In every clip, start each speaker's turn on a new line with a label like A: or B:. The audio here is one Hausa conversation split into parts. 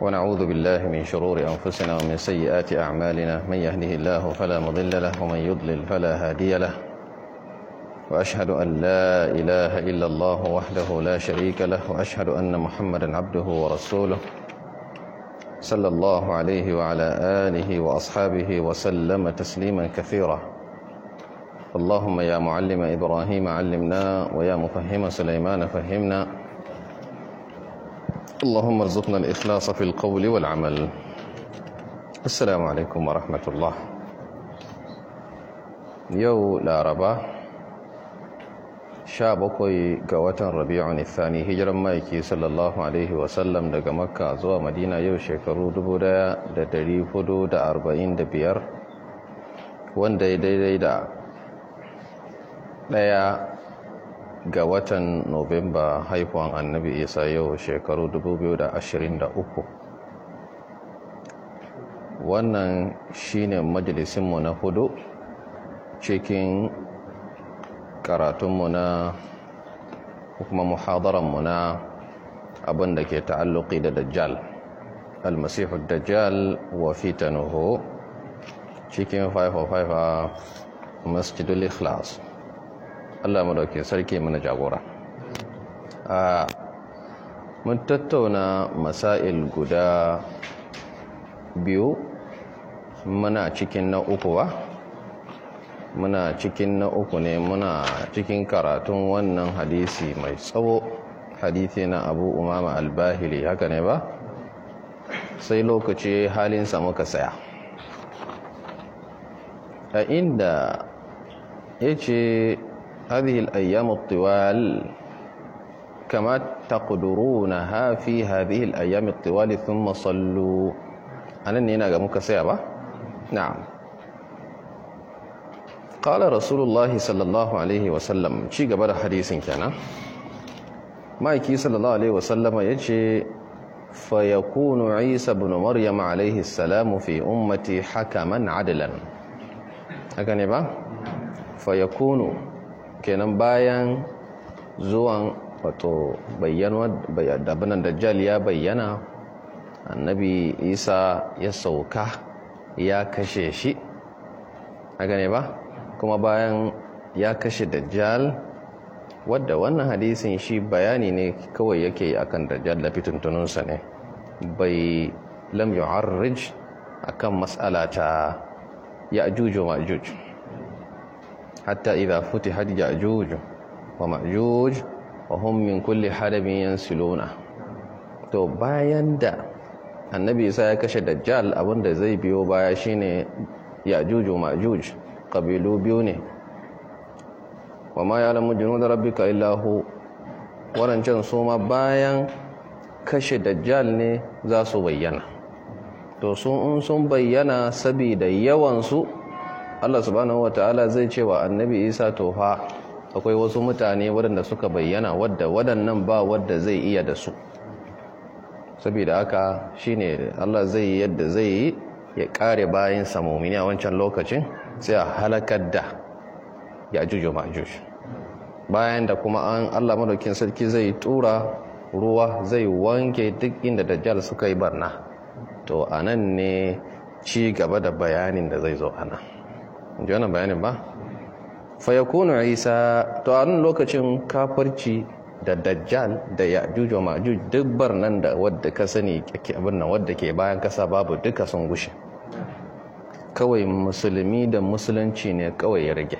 A: ونعوذ بالله من شرور أنفسنا ومن سيئات أعمالنا من يهده الله فلا مضل له ومن يضلل فلا هادي له وأشهد أن لا إله إلا الله وحده لا شريك له وأشهد أن محمدا عبده ورسوله صلى الله عليه وعلى آله وأصحابه وسلم تسليما كثيرا اللهم يا معلم إبراهيم علمنا ويا مفهم سليمان فهمنا اللهم ارزقنا الإخلاص في القول والعمل السلام عليكم ورحمة الله يو لاربا sha bakwai ga watan rabi'un ithani hijiran maiki sallallahu alaihi wasallam daga makka zuwa madina yau shekaru biyar? wanda ya daidai da ɗaya. ga watan Nuwamba haihuwan annabi Isa yau shekaru 2023 wannan shine majalisinmu na hudu cikin karatunmu na kuma muhadaranmu na abinda da ke ta'alluki da dajjal almasihu dajjal wa fitanuhu cikin 505 masjidul ikhlas Allah madaukin sarki mana jagora a mun tattauna masail guda biyu muna cikin na uku ba muna cikin na uku ne muna cikin karatun wannan hadisi mai tsawo hadisi na abu umama albahili haka ne ba sai lokaci halinsa muka saya a inda ya ce هذه الأيام الطوال كما تقدرونها في هذه الأيام الطوال ثم صلوا أنا نينا جمك سيابا نعم قال رسول الله صلى الله عليه وسلم شي قبل حديث كان مايكي صلى الله عليه وسلم يجي فيكون عيسى بن مريم عليه السلام في أمتي حكما عدلا أكاني با فيكون kenan bayan zuwan wato da bayyanar dajjal ya bayyana annabi isa ya sauka ya kashe shi haka ne ba kuma bayan ya kashe dajjal wadda wannan hadisin shi bayani ne kawai yake akan dajjal da fituntununsa ne bai lam yu'arrij akan matsala ta ajuju ma ajuju. hatta idha futi ya'juj wa ma'juj wa hum min kulli hadabin yansiluna to bayan da annabi isa ya kashe dajjal abinda zai biyo baya shine ya'juj wa ma'juj qabilu biyu ne wa ma ya'lamu junud rabbika illa hu warancan su ma bayan kashe dajjal ne za su bayyana to sun sun bayyana sabida yawansu Allah subhanahu wataala zai ce wa annabi Isa tofa akwai wasu mutane waɗanda suka bayyana wadda waɗannan ba wadda zai iya da su saboda haka shine Allah zai yadda zai yi ya kare bayan samomini a wancan lokacin sai a halakar da ya juju bayan da kuma an Allah madaukin sarki zai tura ruwa zai wanke duk inda dajjal suka yi barna to anan ne ci gaba da bayanin da zai zo anan ji wannan bayanin ba fayakunu isa to a nan lokacin kafarci da dajjal da ya'juj wa ma'juj duk barnan da wadda ka sani abin nan wadda ke bayan kasa babu duka sun gushe kawai musulmi da musulunci ne kawai ya rage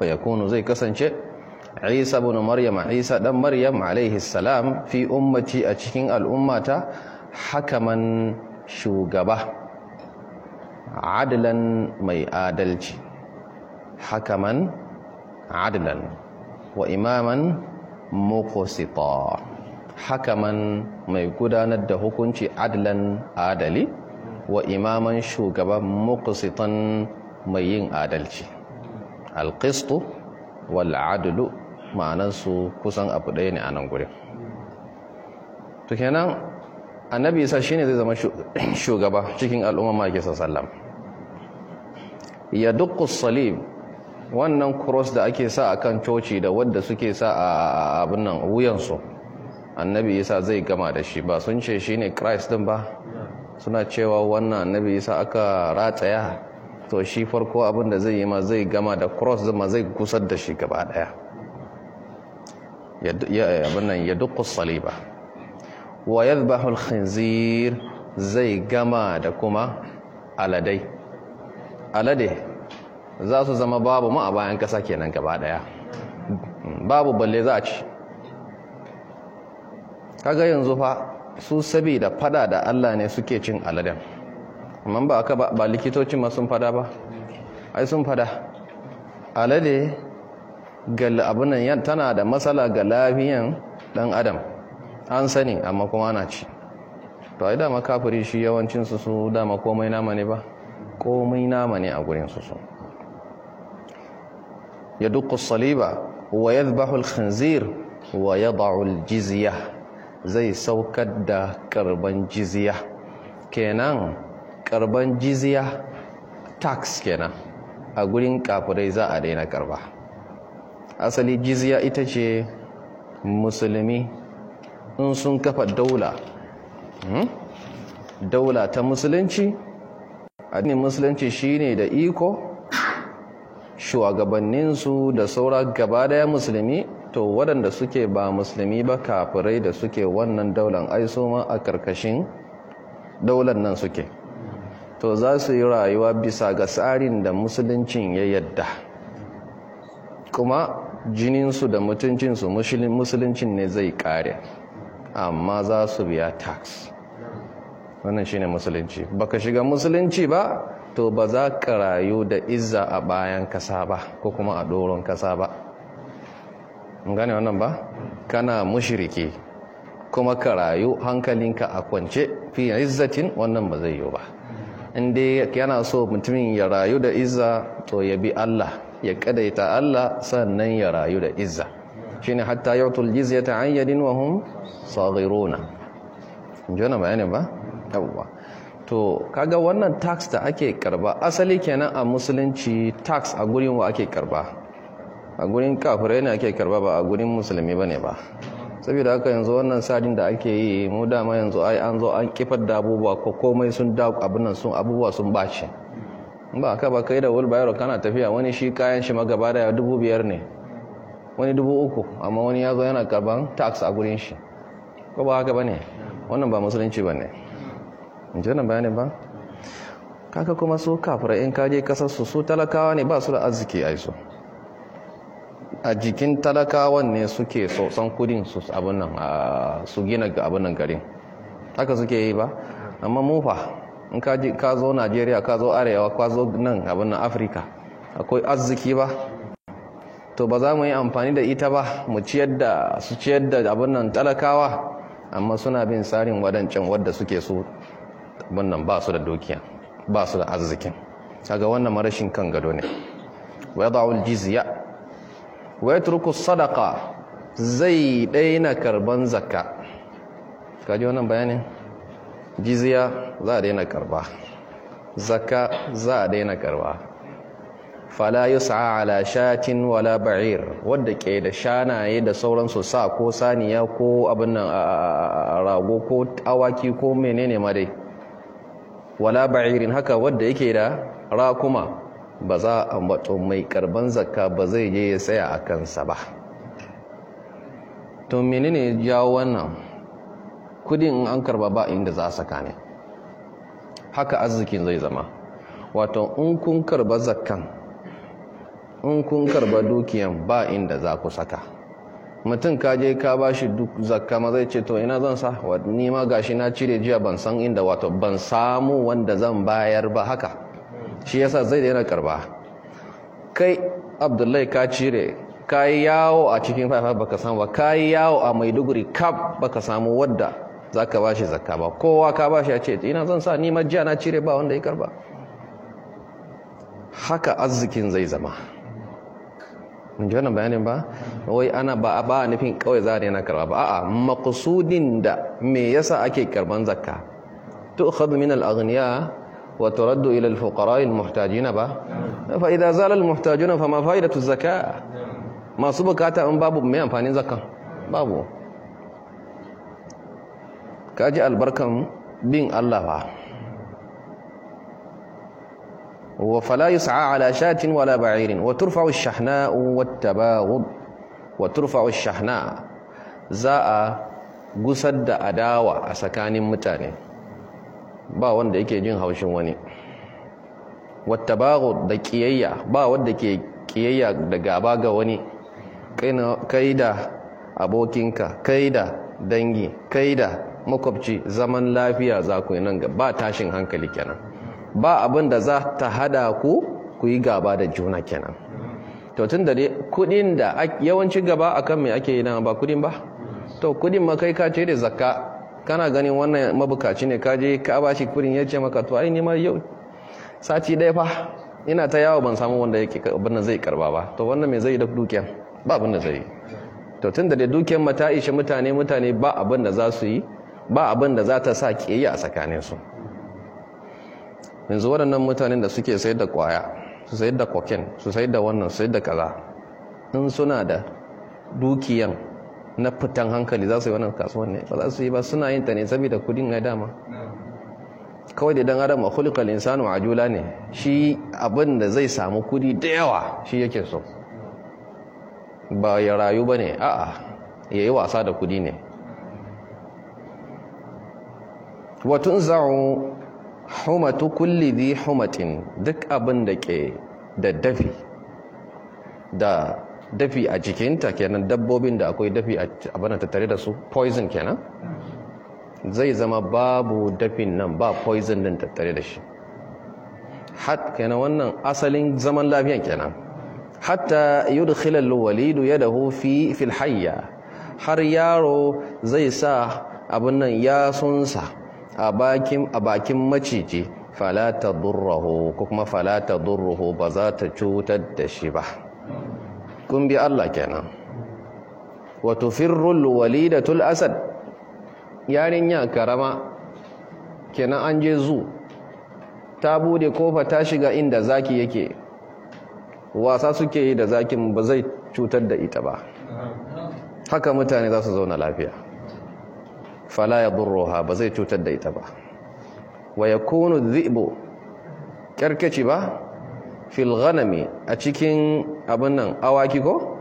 A: fayakunu zai kasance isa bin maryam isa dan maryam alaihi salam fi ummati a cikin al'ummata hakaman shugaba adalan mai adalci hakaman adalan wa imaman muqsita hakaman mai gudanar da hukunci adalan adali wa imaman shugaban muqsitan mai yin adalci alqistu wal adlu ma'anansu kusan abu ɗaya ne a nan gurin tukenan annabi isa shine zai zama shugaba cikin al'umma ma yake sallam ya duk salim wannan cross da ake sa a kan coci da wadda suke sa a abin wuyansu annabi isa zai gama da shi ba sun ce shi ne christ din ba suna cewa wannan annabi isa aka rataya to shi farko abin da zai yi ma zai gama da cross zama zai kusar da shi gaba daya abin nan ya duk saliba wa yadbahul khinzir zai gama da kuma aladai alade za su zama babu ma a bayan kasa kenan gaba daya babu balle za a ci kaga yanzu fa su sabida fada da Allah ne suke cin aladen amma ba aka ba likitocin ma sun fada ba ai sun fada alade gal abunan yan tana da matsala ga lafiyan dan adam an sani amma kuma ana ci to ai dama kafiri shi yawancin su su dama komai nama ne ba komai nama ne a gurin su ya dukku saliba wa yadhbahu al-khinzir wa jiziya zai saukar da karban jiziya kenan karban jiziya tax kenan a gurin kafirai za a daina karba asali jiziya ita ce musulmi in sun kafa daula hmm? daula ta musulunci addinin musulunci shine da iko shugabanninsu da saura gaba daya musulmi to waɗanda suke ba musulmi ba kafirai da suke wannan daular aiso a karkashin daular nan suke to za su yi rayuwa bisa ga tsarin da musuluncin ya yadda kuma jininsu da mutuncinsu musuluncin ne zai ƙare, amma za su biya tax wannan shine musulunci baka shiga musulunci ba to ba za ka rayu da izza a bayan kasa ba ko kuma a doron kasa ba mun gane wannan ba kana mushriki kuma ka rayu hankalinka a kwance fi izzatin wannan ba zai yi ba inda yana so mutumin ya rayu da izza to ya bi Allah ya kadaita Allah sannan ya rayu da izza shine hatta yutul jizyata an yadin wa hum saghiruna jona bayani ba yawwa to kaga wannan tax da ake karba asali kenan a musulunci tax a gurin wa ake karba a gurin kafirai ne ake karba ba a gurin musulmi bane ba saboda haka yanzu wannan sadin da ake yi mu dama yanzu ai an zo an kifar da abubuwa ko komai sun da abin nan sun abubuwa sun bace ba ka ba kai da wheelbarrow kana tafiya wani shi kayan shi magaba da dubu biyar ne wani dubu uku amma wani ya zo yana karban tax a gurin shi ko ba haka bane wannan ba musulunci bane in ji wannan bayanin ba kaka kuma su kafira in kaje kasar su su talakawa ne ba su da arziki a su a jikin talakawan ne suke sosan kudin su abin nan su gina ga abin nan garin haka suke yi ba amma mufa in ka zo najeriya ka zo arewa ka zo nan abin nan afirka akwai arziki ba to ba za mu yi amfani da ita ba mu ciyar da su ciyar da abin nan talakawa amma suna bin tsarin wadancan wadda suke so wannan ba su da dukiya ba su da arzikin kaga wannan marashin kan gado ne wa yad'u jizya wa yatruku sadaqa zai daina karban zakka kaje wannan bayanin jizya za a daina karba zakka za a daina karba fala yus'a ala shatin wala ba'ir wanda ke da shanaye da sauransu sa ko saniya ko abin nan rago ko awaki ko menene ma dai wala ba'irin haka wanda yake da rakuma ba za a mato mai karban zakka ba zai je ya tsaya a kansa ba to menene jawo wannan kudin in an karba ba inda za saka ne haka arzikin zai zama wato in kun karba zakkan in kun karba dukiyan ba inda za ku saka mutum ka je ka ba shi duk zakka ma zai ce to ina zan sa ni ma gashi na cire jiya ban san inda wato ban samu wanda zan bayar ba haka shi yasa zai daina karba kai abdullahi ka cire ka yi yawo a cikin fafa baka samu ba ka yi yawo a maiduguri kaf baka samu wadda za ka ba shi zakka ba kowa ka ba shi ya ce ina zan sa ni ma jiya na cire ba wanda ya karba haka arzikin zai zama ji wannan bayanin ba wai ana ba ba nufin kawai za a daina karba ba a'a maqsudin da me yasa ake karban zakka tu'khadhu min al-aghniya wa turaddu ila al-fuqara al-muhtajin ba fa idza zala al-muhtajun fa ma fa'idatu az-zakah masu bukata in babu mai amfanin zakka babu kaji albarkan bin Allah ba وفلا يسعى على شاة ولا بعير وترفع الشحناء والتباغض وترفع الشحناء زاء gusar da adawa a tsakanin mutane ba wanda yake jin haushin wani wata baro da ba wanda ke kiyayya da gaba ga wani kai da abokinka kai da dangi kai da makwabci zaman lafiya za ku yi nan ga ba tashin hankali kenan ba abin da za ta hada ku ku yi gaba da juna kenan to tun da kudin da yawanci gaba akan me ake yi na ba kudin ba to kudin ma kai ka ce da zakka kana ganin wannan mabukaci ne ka je ka ba shi kudin ya ce maka to ai ma yau sati ɗaya fa ina ta yawo ban samu wanda yake abin zai karba ba to wannan me zai yi da dukiyan ba abin da zai yi to tun da dukiyan mata ishe mutane mutane ba abin da za su yi ba abin da za ta sa ƙiyayya a tsakaninsu yanzu waɗannan mutanen da suke sayar da ƙwaya su sayar da su sayar da wannan su sayar da kaza in suna da dukiyan na fitan hankali za su yi wannan kasuwan ne ba za su yi ba suna yin ta ne saboda kudin na dama kawai da dan adam a khuliqal insanu ajula ne shi abin da zai samu kudi da yawa shi yake so ba ya rayu bane a'a yayi wasa da kudi ne wa tunza'u humatu kulli dhi humatin duk abin da ke da dafi da dafi a jikinta kenan dabbobin da akwai dafi a ta tattare da su poison kenan zai zama babu dafin nan ba poison din tattare da shi hat kenan wannan asalin zaman lafiyan kenan hatta yudkhila alwalidu yadahu fi fil hayya har yaro zai sa abin nan ya sunsa a bakin maciji falata durrahu ko kuma falata durruhu ba za ta cutar da shi ba kun bi Allah kenan wato firrul walidatul asad yarinya karama kenan an je zu ta bude kofa ta shiga inda zaki yake wasa suke yi da zakin ba zai cutar da ita ba haka mutane za su zauna lafiya fala yadurruha ba zai cutar da ita ba wa kunu dhi'bu karkaci ba fil ganami. a cikin abin nan awaki ko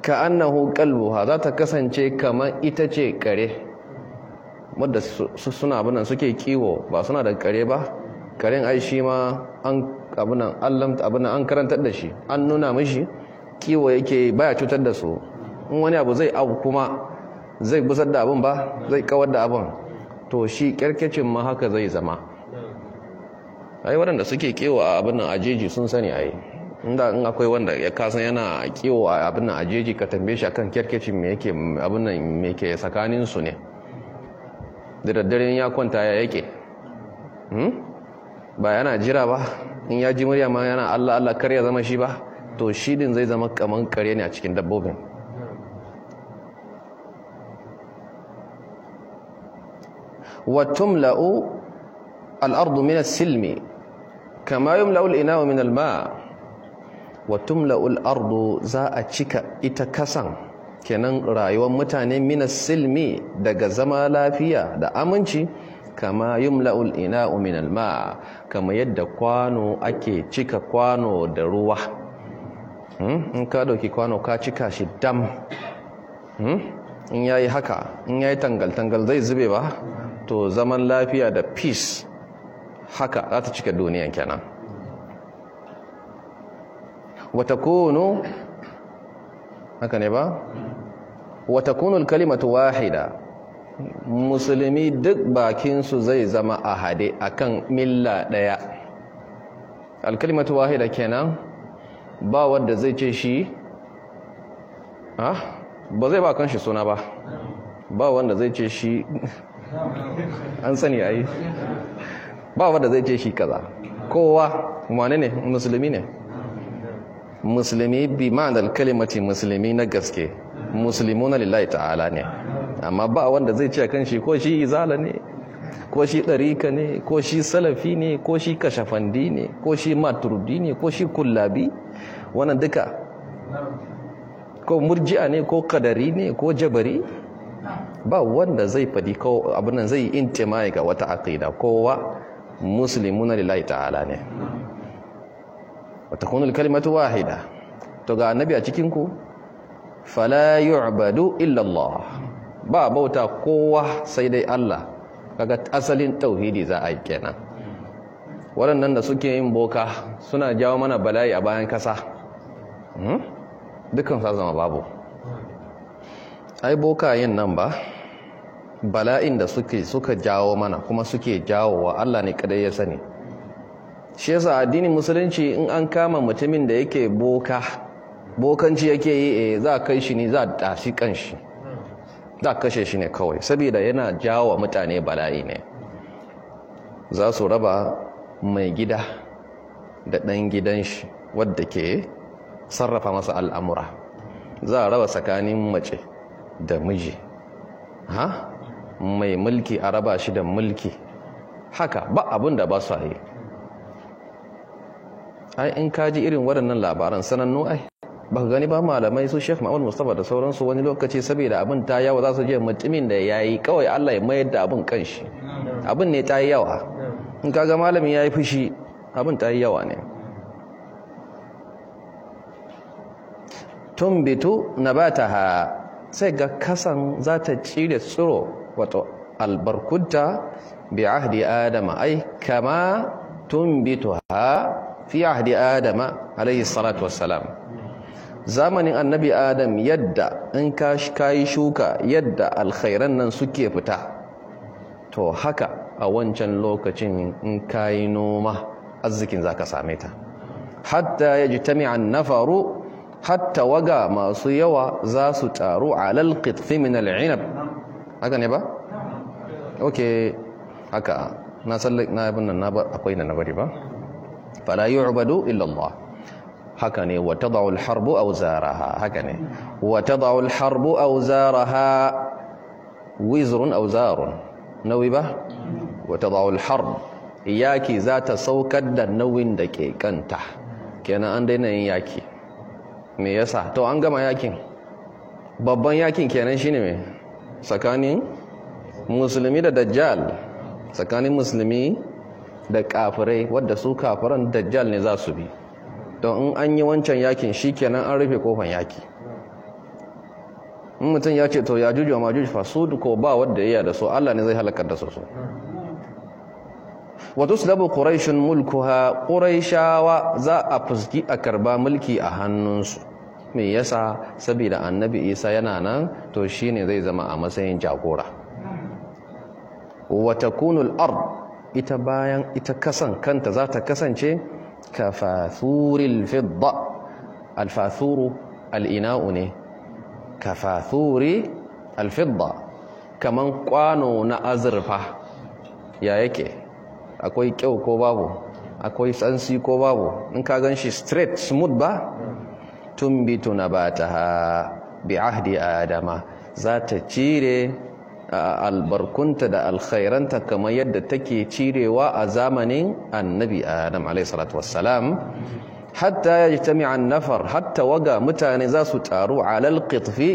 A: ka annahu qalbuha za ta kasance kamar ita ce kare wadda suna abin nan suke kiwo ba suna da kare ba karen ai ma abin nan an karantar da shi an nuna mashi kiwo yake baya cutar da su in wani abu zai abu kuma zai busar da abin ba zai kawar da abin to shi kyarkacin ma haka zai zama ai waɗanda suke kewa a abin nan ajeji sun sani ai inda in akwai wanda ya kasan yana kewa a abin nan ajeji ka tambaye shi akan kyarkacin me yake abin nan me ke tsakanin su ne da daddare ya kwanta ya yake hmm? ba yana jira ba in ya ji murya ma yana Allah Allah kar ya zama shi ba to shi zai zama kaman kare ne a cikin dabbobin wa tumla'u al-ardu min silmi kama yumla'u al-ina'u min al-ma' wa tumla'u al za a cika ita kasan kenan rayuwar mutane minas silmi daga zama lafiya da aminci kama yumla'u al-ina'u min ma kama yadda kwano ake cika kwano da ruwa hmm? in ka dauki kwano ka cika shi dam hmm? in ya yi haka in ya yi tangal tangal zai zube ba to zaman lafiya da peace haka za ta cika duniyan kenan wata kunu, haka ne ba wata kono kalimatu wahida musulmi duk bakinsu zai zama a hade akan milla daya alkalimatu wahida kenan ba wanda zai ce shi ah, ba zai ba kan shi suna ba ba wanda zai ce shi an sani ayi. ba wanda zai ce shi kaza kowa wane ne musulmi ne musulmi bi ma'anar kalimati musulmi na gaske musulmuna lillahi ta'ala ne amma ba wanda zai ce kan shi ko shi izala ne ko shi ɗarika ne ko shi salafi ne ko shi kashafandi ne ko shi maturdi ne ko shi kullabi wannan duka ko murji'a ne ko kadari ne ko jabari ba wanda zai fadi ko abinan nan zai intimai ga wata aqida kowa na lillahi ta'ala ne wata kunul kalimatu wahida to ga annabi a cikin ku fala yu'badu illa Allah ba bauta kowa sai dai Allah kaga asalin tauhidi za a yi kenan waɗannan da suke yin boka suna jawo mana bala'i a bayan kasa hmm? dukkan sa zama babu ai boka yin nan ba bala'in da suke suka jawo mana kuma suke jawo wa Allah ne kadai ya sani shi yasa addinin musulunci in an kama mutumin da yake boka bokanci yake yi eh za kai shi ne za tashi kanshi za kashe shi ne kawai saboda yana jawo wa mutane bala'i ne za su raba mai gida da ɗan gidan shi wadda ke sarrafa masa al'amura za a raba tsakanin mace da miji ha mai mulki a raba shi da mulki haka ba abin da ba su yi ai in ka ji irin waɗannan labaran sanannu ai ba ka gani ba malamai su shek ma'amul mustapha da sauransu wani lokaci saboda abin ta yawa za su je mutumin da ya yi kawai allah ya mayar da abin kanshi abin ne ta yi yawa in kaga malami ya yi fushi abin ta yi yawa ne Tun na ta ha sai ga kasan za ta cire tsoro wato albarkunta bi ahdi adama ai kama tunbituha fi ahdi adama alayhi salatu wassalam zamanin annabi adam yadda in ka kayi shuka yadda alkhairan nan suke fita to haka a wancan lokacin in kayi noma arzikin zaka same ta hatta yajtami'a an-nafaru hatta waga masu yawa za su taru alal qitfi min al-'inab haka ne ba ok haka na sallar na abin nan akwai na nabari ba fala yi illa illallah haka ne wa tad'u al-harbu awzaraha haka ne wa tad'u al-harbu wizirun a wuzarun nauyi ba wata zaul al yaki za ta saukar da nauyin da ke kanta kenan an daina yin yaki me yasa to an gama yakin babban yakin kenan shine me tsakanin musulmi da dajjal tsakanin musulmi da kafirai wadda su kafiran dajjal ne za su bi don in an yi wancan yakin shi kenan an rufe kofan yaki in mutum ya ce to ya juju ma juju fasu ko ba wadda yaya da su Allah ne zai halakar da su su wa kuraishin mulkuwa mulkuha za a fuski a karba mulki a hannunsu Mai yasa saboda annabi isa yana nan to shine zai zama a matsayin jagora Wata kunul ard ita bayan ita kasan kanta za ta kasance kafathuril fidda alfathuru al'ina'u ne kafathuri alfidda kaman kwano na azurfa ya yake akwai kyau ko babu akwai tsansi ko babu in ka gan shi straight smooth ba tumbitu ha bi ahdi adama za ta cire albarkunta da alkhairanta kamar yadda take cirewa a zamanin annabi adam alayhi salatu wassalam hatta yajtami an-nafar hatta waga mutane za su taru alal ƙitfi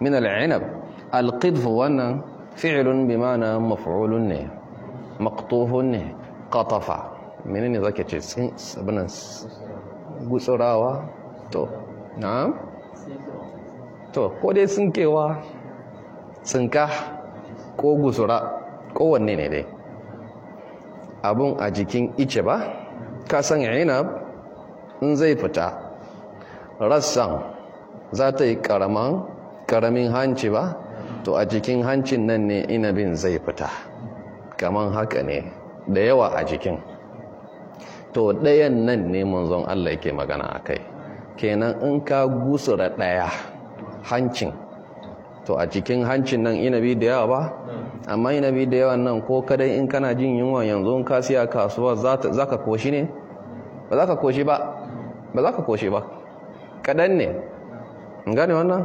A: min al'inab alƙitfi wannan fi'lun bi mana mafi'ulun ne maqtufun ne ne za zake ce gutsurawa to na'am to ko dai tsinkewa tsinka ko guzura wanne ne dai abun a jikin ice ba ka san inab in zai fita rassan za ta yi karaman karamin hanci ba to a jikin hancin nan ne inabin zai fita kaman haka ne da yawa a jikin to ɗayan nan ne manzon Allah yake magana a kai kenan in ka gusura ɗaya hancin to a cikin hancin nan inabi da yawa ba amma inabi da yawan nan ko kadai in kana jin yunwa yanzu in ka siya kasuwa za ka koshi ne ba za ka koshi ba ba za ka koshi ba kadan ne gane wannan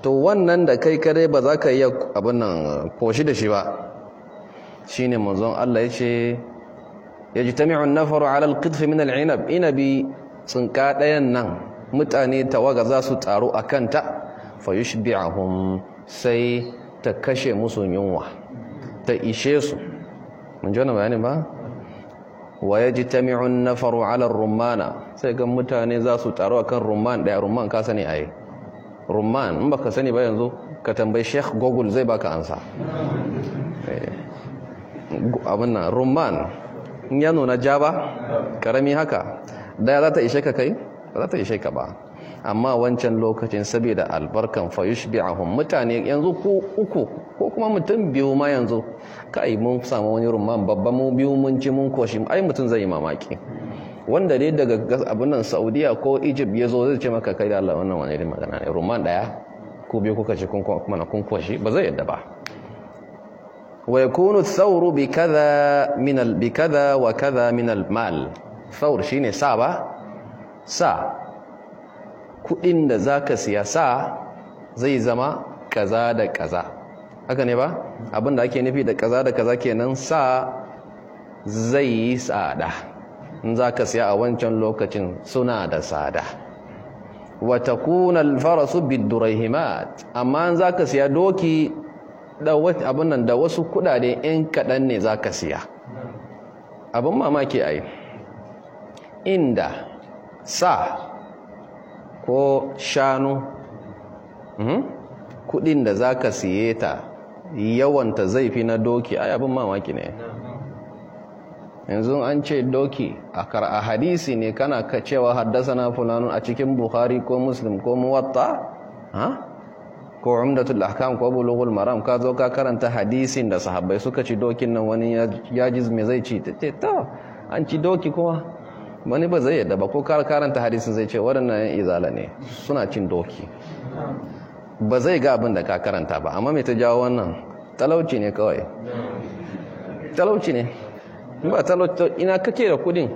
A: to wannan da kai kadai ba za ka iya abin nan koshi da shi ba shi ne manzon Allah ya ce ya ji tami'un nafaru alal kitfi min al'inab inabi tsinka ɗayan nan mutane tawaga za su taru a kanta fa yushbi'ahum sai ta kashe musu yunwa ta ishe su mun ji wannan bayanin ba wa yajtami'u an-nafaru 'ala ar-rumana sai ga mutane za su a akan rumman daya rumman ka sani ayi rumman in baka sani ba yanzu ka tambayi Sheikh Google zai baka ansa eh, abin nan rumman in ya nuna jaba karami haka daya za ta ishe ka kai ba za ta ishe ka ba amma wancan lokacin saboda albarkan fayushbi'ahum mutane yanzu ko uku ko kuma mutum biyu ma yanzu kai mun samu wani rumman babban mu biyu mun ci mun koshi ai mutum zai yi mamaki wanda dai daga abin nan Saudiya ko Egypt ya zo zai ce maka kai da Allah wannan wani irin magana ne rumman daya ko biyu kuka ci kun kuma kun koshi ba zai yadda ba wa yakunu thawru bi kaza min al bi kaza wa kaza min al mal thawr shine sa ba sa kudin da za ka siya sa zai zama kaza da kaza haka ne ba abinda ake nufi da kaza da kaza kenan sa zai yi tsada in za ka siya a wancan lokacin suna da tsada wata kunan farasu bidurahimat amma in za ka siya doki abinnan da wasu kudade in kaɗan ne za ka siya abin mamaki a inda sa ko shanu hmm? kudin da za ka siye ta yawanta zai fi na doki ai abin mamaki ne yanzu an ce doki a a hadisi ne kana ka cewa haddasa na fulanun a cikin buhari ko muslim ko muwatta ha? ko umdatul ahkam ko bulughul maram ka zo ka karanta hadisin da sahabbai suka ci dokin nan wani ya me zai ci ta an ci doki kuma wani ba zai yadda ba ko karanta hadisin zai ce waɗannan yan izala ne suna cin doki ba zai ga abin da ka karanta ba amma mai ta jawo wannan talauci ne kawai talauci ne ba talauci ina kake da kudin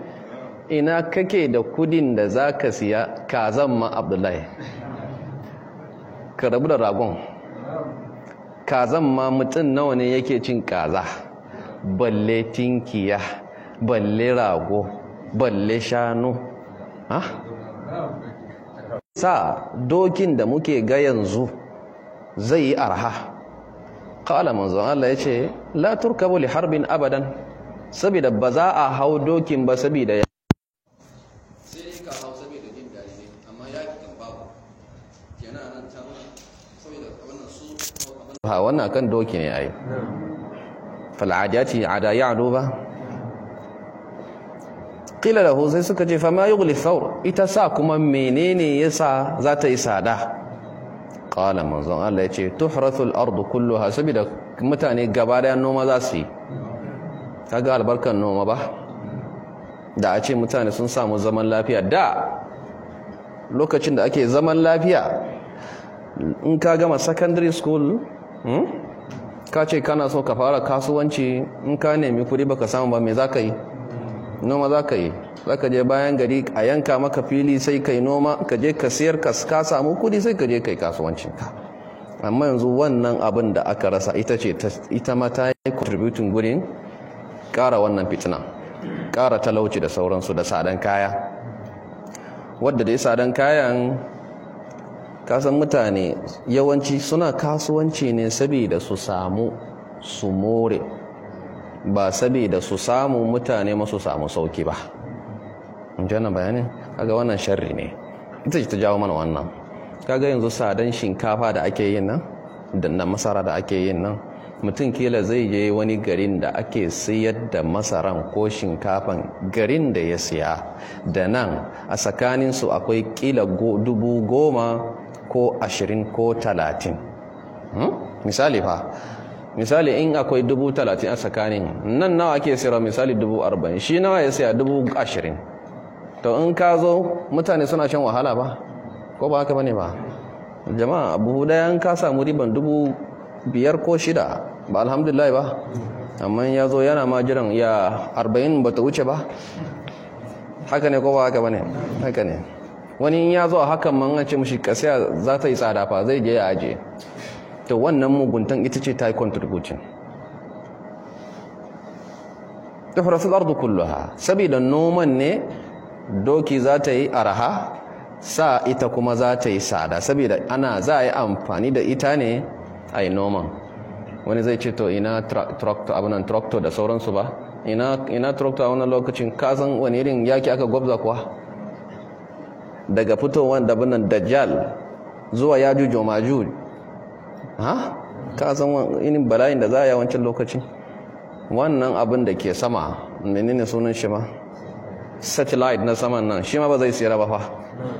A: ina kake da kudin da za ka siya kazan ma abdullahi ka rabu da ragon kazan ma mutum nawa ne yake cin kaza balle tinkiya balle rago balle shanu sa dokin da muke ga yanzu zai yi arha ƙala manzon Allah ya ce la turkabu li harbin abadan saboda ba za a hau dokin ba saboda ya ha wannan kan doki ne ai fal'adati ada ya'du ba qila lahu sai suka ce fama yughli thawr ita sa kuma menene yasa za ta yi sada qala manzon Allah yace tuhrathul ard kulluha saboda mutane gaba da noma za su yi kaga albarkan noma ba da a ce mutane sun samu zaman lafiya da lokacin da ake zaman lafiya in ka gama secondary school hmm, ka ce kana so ka fara kasuwanci in ka nemi ba baka samu ba me za ka yi noma za ka yi za ka je bayan gari a yanka maka fili sai kai noma ka je ka siyar ka samu kudi sai ka je kai kasuwancinka amma yanzu wannan abin da aka rasa ita ce ita ma ta yi contributing gurin kara wannan fitina kara talauci da sauransu da sadan kaya wadda dai sadan kayan kasan mutane yawanci suna kasuwanci ne saboda su samu su more ba saboda su samu mutane masu samu sauki ba in ji wannan bayanin kaga wannan sharri ne ita ce ta jawo mana wannan kaga yanzu sadan shinkafa da ake yin nan da masara da ake yin nan mutum kila zai je wani garin da ake sayar da masaran ko shinkafan garin da ya siya da nan a tsakanin su akwai kila dubu goma ko ashirin ko talatin hmm? misali fa misali in akwai dubu talatin a tsakanin nan nawa ake sayarwa misali dubu arba'in shi nawa ya saya dubu ashirin to in ka zo mutane suna shan wahala ba ko ba haka bane ba jama'a abu daya in ka samu riban dubu biyar ko shida ba alhamdulillah ba amma ya zo yana ma jiran ya arba'in ba ta wuce ba haka ne ko ba haka bane haka ne wani in ya zo a hakan man an ce mushi kasiya za ta yi tsada fa zai je ya aje to wannan muguntan ita ce ta yi contribution ta farasul kullu kulluha saboda noman ne doki za ta yi araha sa ita kuma za ta yi sada saboda ana za a yi amfani da ita ne a yi noman wani zai ce to ina tractor abinan tractor da sauransu ba ina tractor a wani lokacin kasan wani irin yaki aka gwabza kuwa daga fitowar da dajjal zuwa yaju jomaju ha ka san wani bala'in da za a yawancin lokaci wannan abin da ke sama menene sunan shi ma satellite na saman nan shi ma ba zai tsira ba fa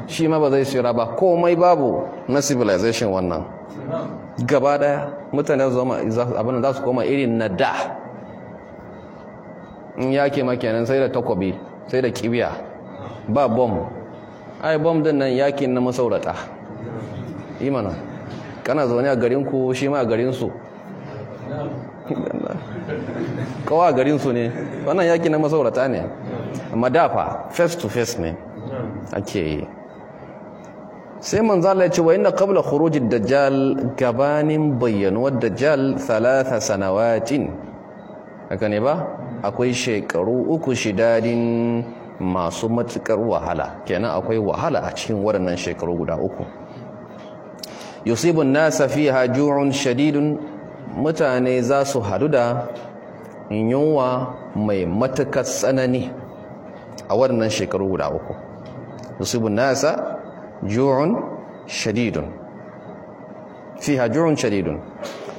A: shi ma ba zai tsira ba komai babu na civilization wannan gaba daya mutane abin za su koma irin na da in ya yake makiyanin sai da takobi sai da kibiya ba bom ai bom din nan yakin na masaurata imanan kana zaune a garin ku shi ma a garin su kawo a garin su ne wannan yaki na masaurata ne madafa dafa face to face ne ake yi sai manzala ce wa inda kabla khurujid dajjal gabanin bayyanuwar dajjal thalatha sanawatin haka ne ba akwai shekaru uku shidadin masu matukar wahala kenan akwai wahala a cikin waɗannan shekaru guda uku yusibun nasa fiha ju'un shadidun mutane za su hadu da yunwa mai matukar tsanani a waɗannan shekaru guda uku yusibun nasa ju'un shadidun fiha ju'un shadidun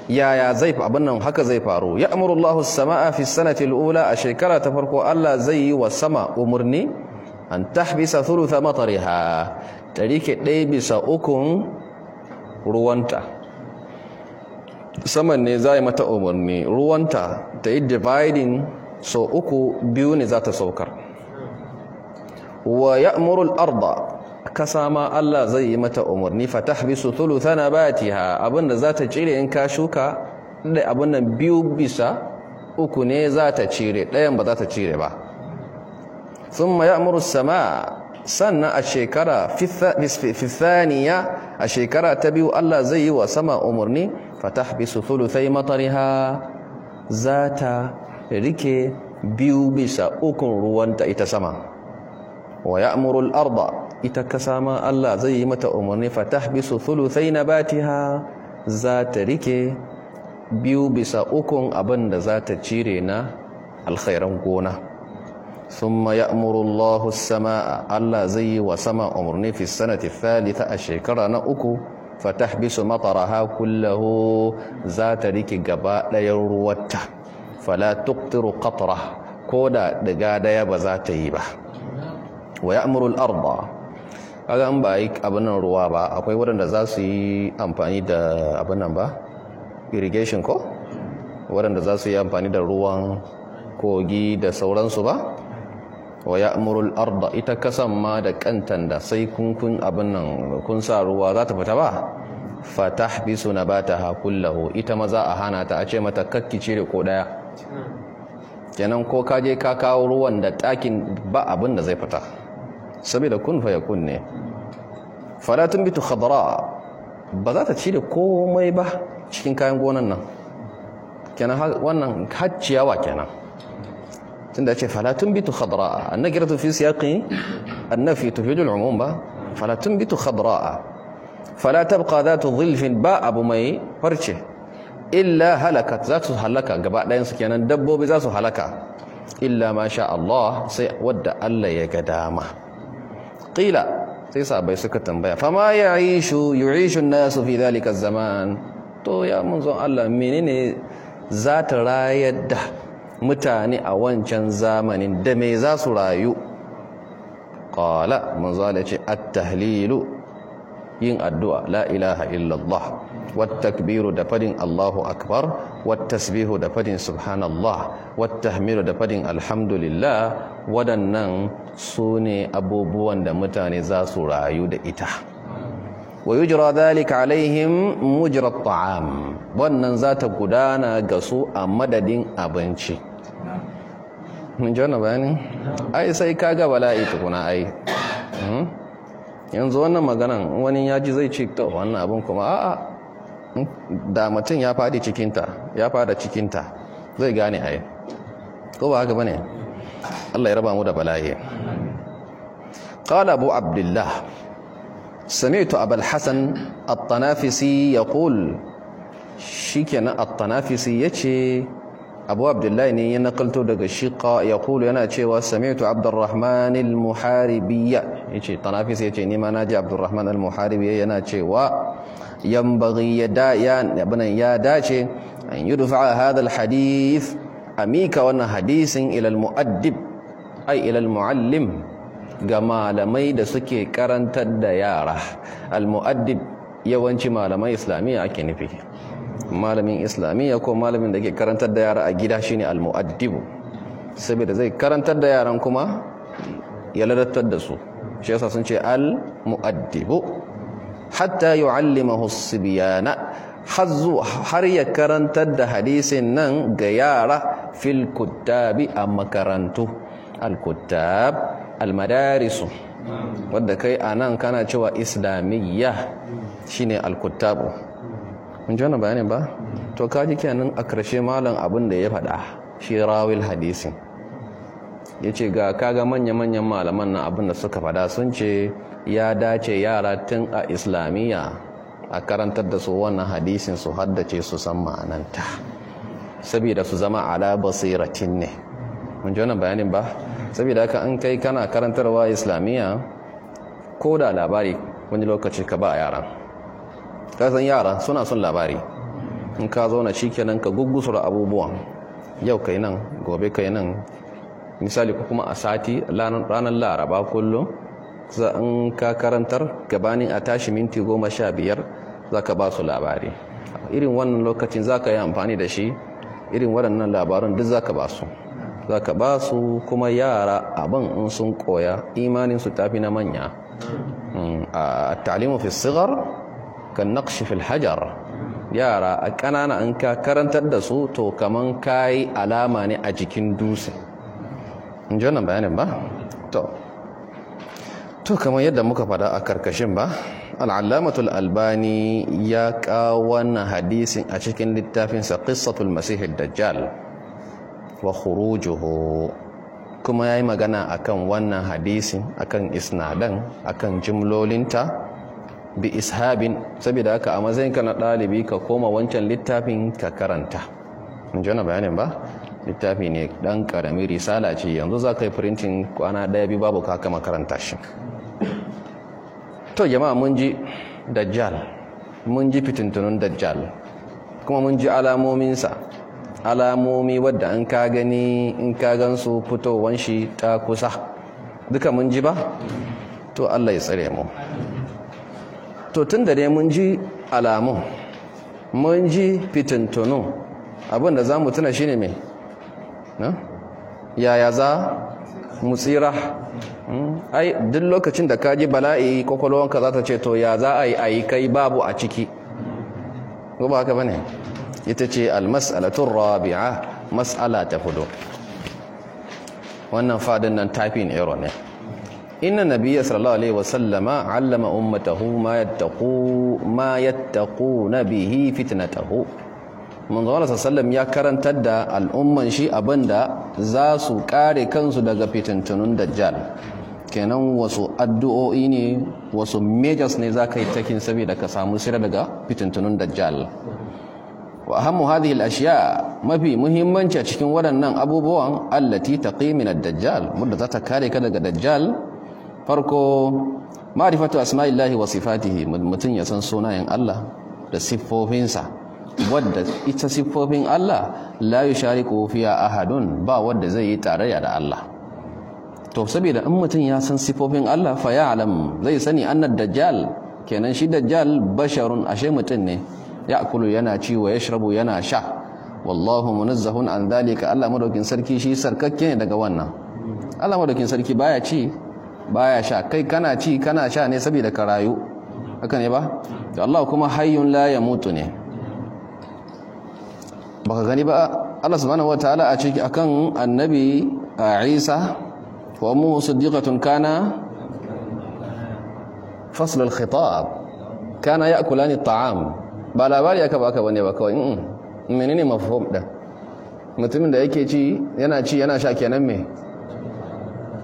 A: yaya zai abin nan haka zai faru ya amuru Allahu samaa fi sanati al-ula a shekara ta farko Allah zai yi wa sama umurni an tahbisa thulutha matariha tarike ɗaya bisa ukun ruwanta saman ne za yi mata umarni ruwanta ta yi dividing so uku biyu ne za ta saukar wa ya'murul arba kasa ma Allah zai yi mata umarni fatahbisu thulutha nabatiha abinda za ta cire in ka shuka da abin biyu bisa uku ne za ta cire ɗayan ba za ta cire ba thumma ya'muru sama sannan a shekara fithaniya a shekara ta biyu Allah zai yi wa sama umarni fatahbisu thuluthai matariha za ta rike biyu bisa ukun ruwanta ita sama wa ya'muru arda ita kasa sama Allah zai yi mata umarni na bati ha? za ta rike biyu bisa ukun abinda za ta cire na alkhairan gona ثم يأمر الله السماء الله زي وسماء أمرني في السنة الثالثة الشيكرة نأكو فتحبس مطرها كله ذات ريك قباء يروت فلا تقطر قطرة كودا دقادة يبزات يبه ويأمر الأرض kaga an ba yi abin nan ruwa ba akwai waɗanda za su yi amfani da abin nan ba irrigation ko waɗanda za su yi amfani da ruwan kogi da sauransu ba wa ya al-arda ita kasan ma da kantan da sai kun kun abin nan kun sa ruwa za ta fita ba Fatah ba ta kullahu ita maza a hana ta a ce mata kakki cire ko daya kenan ko ka je ka kawo ruwan da takin ba abin da zai fita saboda kun fa kun ne fadatun bitu khadra ba za ta cire komai ba cikin kayan gonan nan kenan wannan hacciyawa kenan tunda ya ce falatun bitu khadra'a annakiratu fi siyaqi annafi umum ba falatun bitu khadra'a fala tabqa tu dhilfin ba abu mai farce illa halakat za su halaka gaba ɗayan kenan dabbobi za su halaka illa ma sha Allah sai wadda Allah ya ga dama Ƙila sai bai suka tambaya yi ya'ishu yu'ishu na nasu fi zalika az-zaman to ya munzo Allah menene za ta rayar da mutane a wancan zamanin da mai za su rayu ƙala manzala ce attahlilu yin addu’a la’ilaha illallah wattakbiru da faɗin allahu akbar wattasbihu da faɗin subhanallah wattahmiru da fadin alhamdulillah waɗannan su ne abubuwan da mutane za su rayu da ita wa yi jira zalika alaihim mujirar ta’am wannan za gudana ga su a madadin abinci mun bayanin ai sai ka ga bala'i tukuna ai hmm? yanzu wannan maganan wani ya ji zai ce to wannan abin kuma a'a da mutum ya fadi cikinta ya fada cikinta zai gane ai ko ba haka bane Allah ya raba mu da bala'i qala abu abdullah sami'tu abul hasan at-tanafisi yaqul shikenan at-tanafisi yace abu abdullahi ne ya nakalto daga shiqa ya kulu yana cewa sami'tu abdurrahman al-muharibiyya yace tanafis ce ni ma naji abdurrahman al-muharibiyya yana cewa yanbaghi ya da ya abinan ya dace an yudfa a hadal hadith amika wannan hadisin ila al-muaddib ai ila muallim ga malamai da suke karantar da yara al-muaddib yawanci malamai islamiyya ake nufi malamin islamiyya ko malamin da ke karantar da yara a gida shine almu'addibu saboda zai karantar da yaran kuma ya ladattar da su shi yasa sun ce almu'addibu hatta yu'allimahu as-sibyana Hazu har ya karantar da hadisin nan ga yara fil kuttabi a makarantu alkuttab almadarisu wadda kai a nan kana cewa islamiyya shine ne alkuttabu mun ji wannan bayanin ba to kaji kenan a karshe malam abin da ya faɗa shi rawil hadisi ya ce ga kaga manya-manyan malaman na abin da suka faɗa sun ce ya dace yara tun a islamiyya a karantar da su wannan hadisin su haddace su san ma'ananta saboda su zama ala basiratin ne mun ji wannan bayanin ba saboda haka an kai kana karantarwa islamiyya ko da labari wani lokaci ka ba a yaran ka san yara suna son labari in ka zauna shi kenan ka gugusura abubuwan yau kai nan gobe kai nan misali ko kuma a sati ranar laraba kullum za in ka karantar gabanin a tashi minti goma sha biyar za ka ba su labari irin wannan lokacin za ka yi amfani da shi irin waɗannan labarin duk za ka ba su za ka ba su kuma yara abin in sun koya imaninsu tafi na manya hmm, a talimu fi sigar kan naqshi fil hajar yara a ƙanana an ka karantar da su to kaman kai alama ne a jikin dutse in ji wannan bayanin ba to to kamar yadda muka fada a karkashin ba al'allamatul albani ya kawo wannan hadisin a cikin littafinsa qissatul masihid dajjal wa khurujuhu kuma yayi magana akan wannan hadisin akan isnadan akan jimlolinta bi ishabin saboda haka a ka na ɗalibi ka koma wancan littafin ka karanta in ji wani bayanin ba littafi ne ɗan ƙarami risala ce yanzu za ka yi firintin kwana daya bi babu ka kama karanta shi to jama'a mun ji dajjal mun ji fitintunun dajjal kuma mun ji alamominsa alamomi wadda an ka gani in ka gansu fitowar shi ta kusa duka mun ji ba to allah ya tsare mu to tun da ne mun ji alamu mun ji fitintunu abinda za mu tuna shi ne mai yaya za mu tsira hmm? ai duk lokacin da ka ji bala'i kwakwalwanka za ta ce to ya za a yi ayi kai babu a ciki gaba haka ba ita ce almas'alatun rabi'a mas'ala ta hudu wannan fadin nan typing error ne inna nabiyya sallallahu alaihi wasallama allama ummatahu ma yattaqu ma yattaquna bihi fitnatahu manzo Allah sallallahu ya karantar da al'umman shi abinda za su kare kansu daga fitintunun dajjal kenan wasu addu'o'i ne wasu majors ne za ka yi takin saboda ka samu sira daga fitintunun dajjal wa ahammu hadhihi al-ashya mafi muhimmanci a cikin waɗannan abubuwan allati taqi min ad-dajjal wanda za ta kare ka daga dajjal farko ma'rifatu asma'illahi wa sifatihi mutum ya san sunayen Allah da siffofinsa wadda ita siffofin Allah la yushariku fiha ahadun ba wadda zai yi tarayya da Allah to saboda in mutum ya san siffofin Allah fa ya'lam zai sani annad dajjal kenan shi dajjal basharun ashe mutum ne ya'kulu yana ci wa yashrabu yana sha wallahu munazzahun an dhalika Allah madaukin sarki shi sarkakke ne daga wannan Allah madaukin sarki baya ci baya sha kai kana ci kana sha ne saboda ka rayu haka ne ba to Allah kuma hayyun la yamutu ne baka gani ba Allah subhanahu wataala a cikin akan annabi Isa wa ummuhu siddiqatun kana fasl al-khitab kana ya'kulani at-ta'am ba labari aka baka bane ba kawai menene mafhum da mutumin da yake ci yana ci yana sha kenan me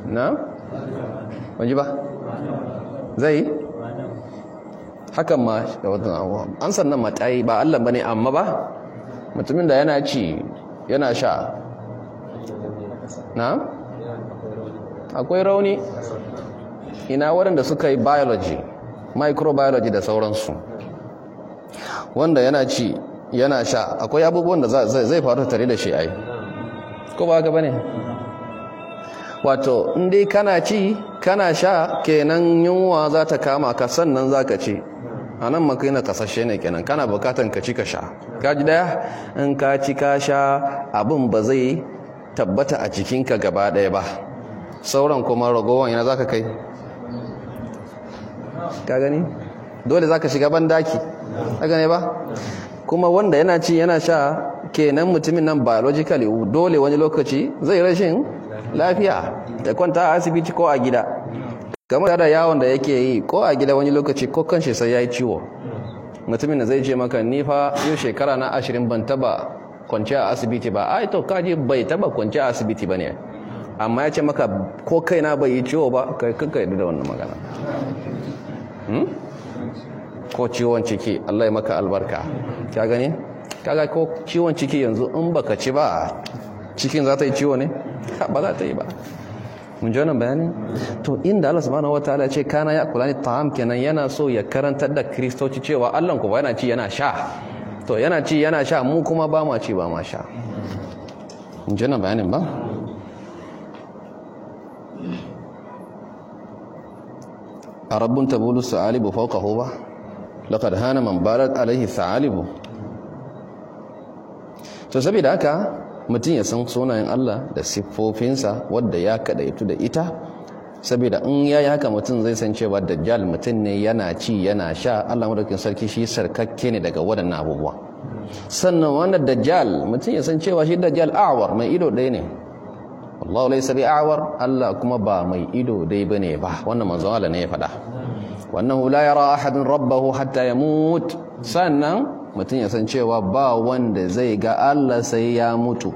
A: na ji ba zai hakan ma da na'uwa an sannan matayi ba allah ba ne amma ba mutumin da yana ci yana sha na akwai rauni ina waɗanda suka yi biology microbiology da sauransu wanda yana ci yana sha akwai abubuwan da zai faru tare da shi ai ko ba haka ne? wato indai kana ci kana sha kenan yunwa za ta kama ka sannan za ka ci a nan na kasashe ne kenan kana bukatan ka ci ka sha kaji daya in ka ci ka sha abin ba zai tabbata a cikinka gaba daya ba sauran kuma ragowan yana za ka kai ka gani dole za ka shiga bandaki ba kuma wanda yana ci yana sha kenan mutumin nan biologically dole wani lokaci zai rashin lafiya da kwanta a asibiti ko a gida kamar da yawon da yake yi ko a gida wani lokaci ko kan shi sai ya yi ciwo mutumin da zai ce maka ni fa yau shekara na ashirin ban taba kwanci a asibiti ba ai to kaji bai taba kwanci a asibiti ba ne amma ya ce maka ko kaina bai yi ciwo ba kai kai da wannan magana hmm? ko ciwon ciki Allah ya maka albarka ka gani kaga ko ciwon ciki yanzu in baka ci ba cikin za ta yi ciwo ne ba za ta yi ba mun ji wannan bayani to inda Allah subhanahu wataala ya ce kana ya kula ni ta'am kenan yana so ya karantar da kristoci cewa Allah ku ba yana ci yana sha to yana ci yana sha mu kuma ba ma ci ba ma sha mun ji wannan bayanin ba arabun tabulu sa'alibu fawqahu ba laqad hana man barat alaihi sa'alibu to sabida haka mutum ya san sunayen Allah da siffofinsa wadda ya kadaitu da ita saboda in ya yi haka mutum zai san cewa dajjal mutum ne yana ci yana sha Allah madaukakin sarki shi sarkakke ne daga waɗannan abubuwa sannan wannan dajjal mutum ya san cewa shi dajjal awar mai ido ɗaya ne wallahu laysa awar Allah kuma ba mai ido dai bane ba wannan manzon Allah ne ya faɗa wannan la yara ahadin rabbahu hatta yamut sannan mutum ya san cewa ba wanda zai ga Allah sai ya mutu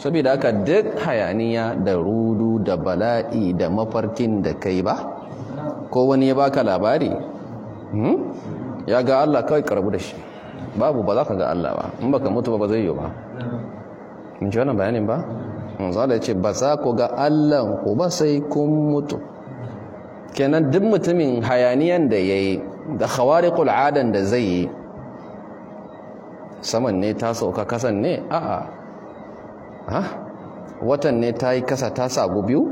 A: saboda haka duk hayaniya da rudu da bala'i da mafarkin da kai ba ko wani ya baka labari hmm, ya ga Allah kawai karbu da shi babu ba za ka ga Allah ba in baka mutu ba ba zai yi ba in ji wannan bayanin ba da ce ba za ku ga Allah ku ba sai kun mutu kenan duk mutumin hayaniyan da ya yi da khawarikul adan da zai yi saman ne ta sauka kasan ne a'a ha watan ne ta yi kasa ta sagu biyu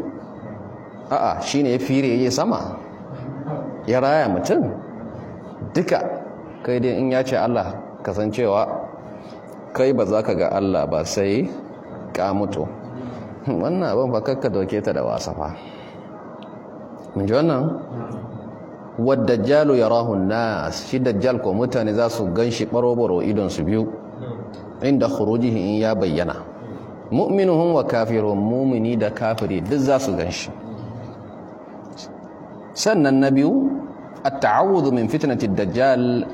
A: a'a shine ya fire ya sama ya raya mutum duka kai dai in ya ce Allah kasancewa kai ba za ka ga Allah ba sai ka mutu wannan abin ba kakka doke ta da wasa fa mun ji wannan wadda ya rahun na shi dajjal ko mutane za su gan shi ɓaro idonsu biyu inda khurujihi in ya bayyana mu'minuhun wa kafirun mumini da kafiri duk za su gan shi sannan na biyu a ta'awudu min fitnati dajjal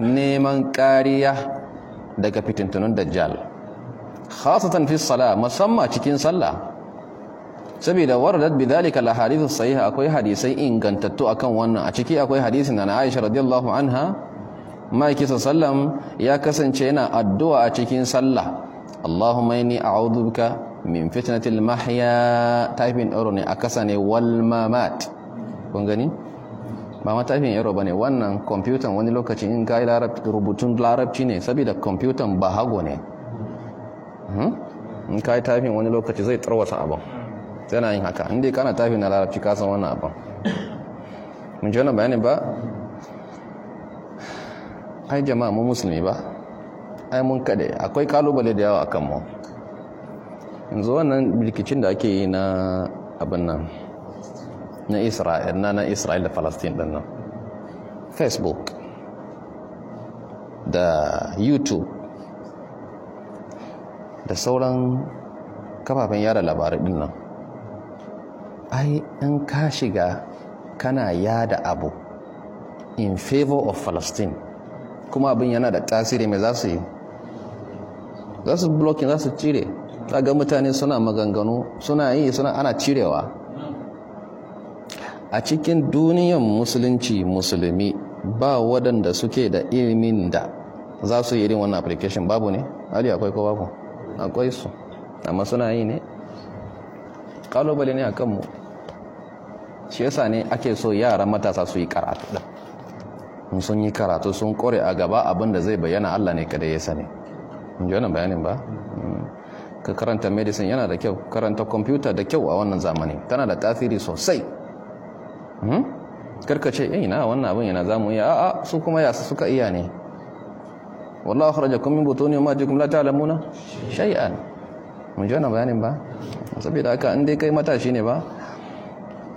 A: neman kariya daga fitintunan dajjal khasatan fi sala musamman cikin sallah saboda waradat bidhalika lahadithus sahiha akwai hadisai ingantattu akan wannan a ciki akwai hadisin na Aisha radiyallahu anha kisa sallam ya kasance yana addu'a a cikin sallah Allahumma inni a'udhu bika min fitnatil mahya taifin ero ne wal mamat kun gani ba ma taifin ero bane wannan computer wani lokaci in larabci rubutun larabci ne saboda kwamfutan bahago ne hmm? in kai taifin wani lokaci zai tsarwata abin tana yin haka inda kana tafi na larabci kasan wannan abin mun ji wannan bayanin ba ai jama'a mu musulmi ba ai mun kade akwai kalubale da yawa akan mu yanzu wannan rikicin da ake yi na abin nan na isra'il na na isra'il da palestine din nan facebook da youtube da sauran kafafen yara labarai din nan ai in ka shiga kana yada abu in favor of palestine kuma abin yana da tasiri mai za su yi za su blocking za su cire ga mutane suna maganganu suna yi suna ana cirewa a cikin duniyan musulunci musulmi ba waɗanda suke da ilimin da za su yi irin wannan application babu ne Ali akwai ko babu akwai su amma suna yi ne kalubale ne a kanmu shi yasa ne ake so yara matasa su yi karatu ɗin sun yi karatu sun kore a gaba abinda zai bayyana allah ne kada ya sani in ji wannan bayanin ba mm. ka karanta medicine yana da kyau karanta computer da kyau a wannan zamani tana da tasiri sosai hmm? karkace ce eh, na wannan abin yana zamu iya a'a su kuma yasa suka iya ne wallahi akhrajakum min butuni ummajikum la ta'lamuna shay'an mun ji wannan bayanin ba saboda haka in dai kai matashi ne ba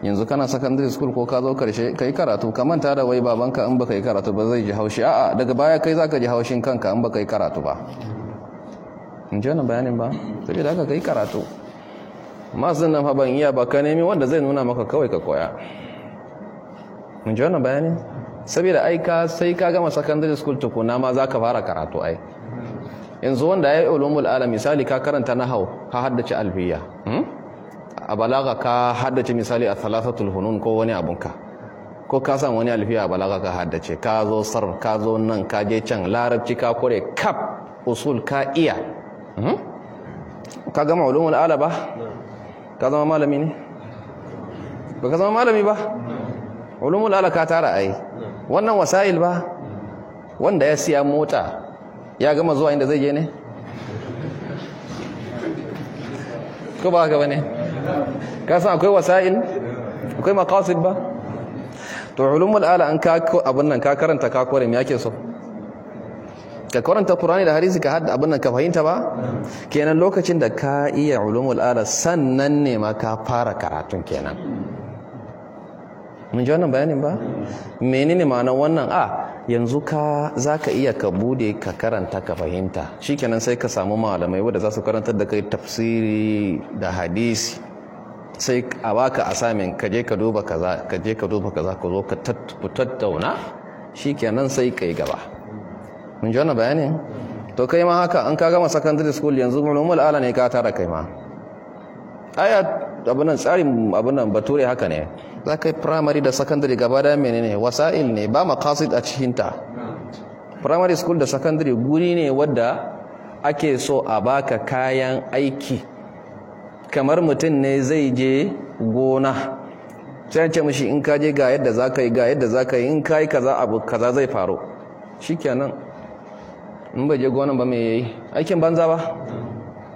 A: yanzu kana secondary school ko ka zo karshe kai karatu ka manta da wai babanka in baka yi karatu ba zai ji haushi a'a daga baya kai zaka ji haushin kanka in baka yi karatu ba mun ji wannan bayanin ba saboda haka kai karatu masu nan fa ban iya ba ka nemi wanda zai nuna maka kawai ka koya mun ji wannan bayanin saboda ai ka sai ka gama secondary school tukuna ma zaka fara karatu ai yanzu wanda ya yi ulumul ala misali ka karanta nahau ka haddace alfiya hmm? a balaga ka haddace misali a talatatul hunun ko wani abunka ko ka san wani alfiya a balaga ka haddace ka zo sar ka zo nan ka je can larabci ka kure kap usul ka iya hmm? ka gama ulumul ala ba ka zama malami ne ba ka zama malami ba ulumul ala ka tara ai wannan wasail ba wanda ya siya mota ya gama zuwa inda zai je ne ko ba haka ba ne kasan akwai wasa'il akwai makasid ba to ulumul ala an ka abin nan ka karanta ka kore me yake so ka karanta qur'ani da hadisi ka hadda abin nan ka fahimta ba kenan lokacin da ka iya ulumul ala sannan ne ma ka fara karatun kenan mun ji wannan bayanin ba menene ma'anar wannan a ah, yanzu ka za ka iya ka bude ka karanta ka fahimta shikenan sai ka samu malamai wadda za su karantar da kai tafsiri da hadisi sai a baka asamin ka je ka duba kaza ka je ka duba kaza ka zo ka tattauna shikenan sai kai gaba mun ji wannan bayanin to kai ma haka an ka gama secondary school yanzu ulumul ala ne ka tara kai ma ayat abunan tsarin abunan bature haka ne za ka yi primary da secondary gaba da menene wasa'il ne ba makasid a cikinta primary school da secondary guri ne wadda ake so a baka kayan aiki kamar mutum ne zai je gona sai ce mishi in ka je ga yadda za ka yi ga yadda za ka yi in ka yi kaza abu kaza zai faru nan in bai je gona ba mai yayi aikin banza ba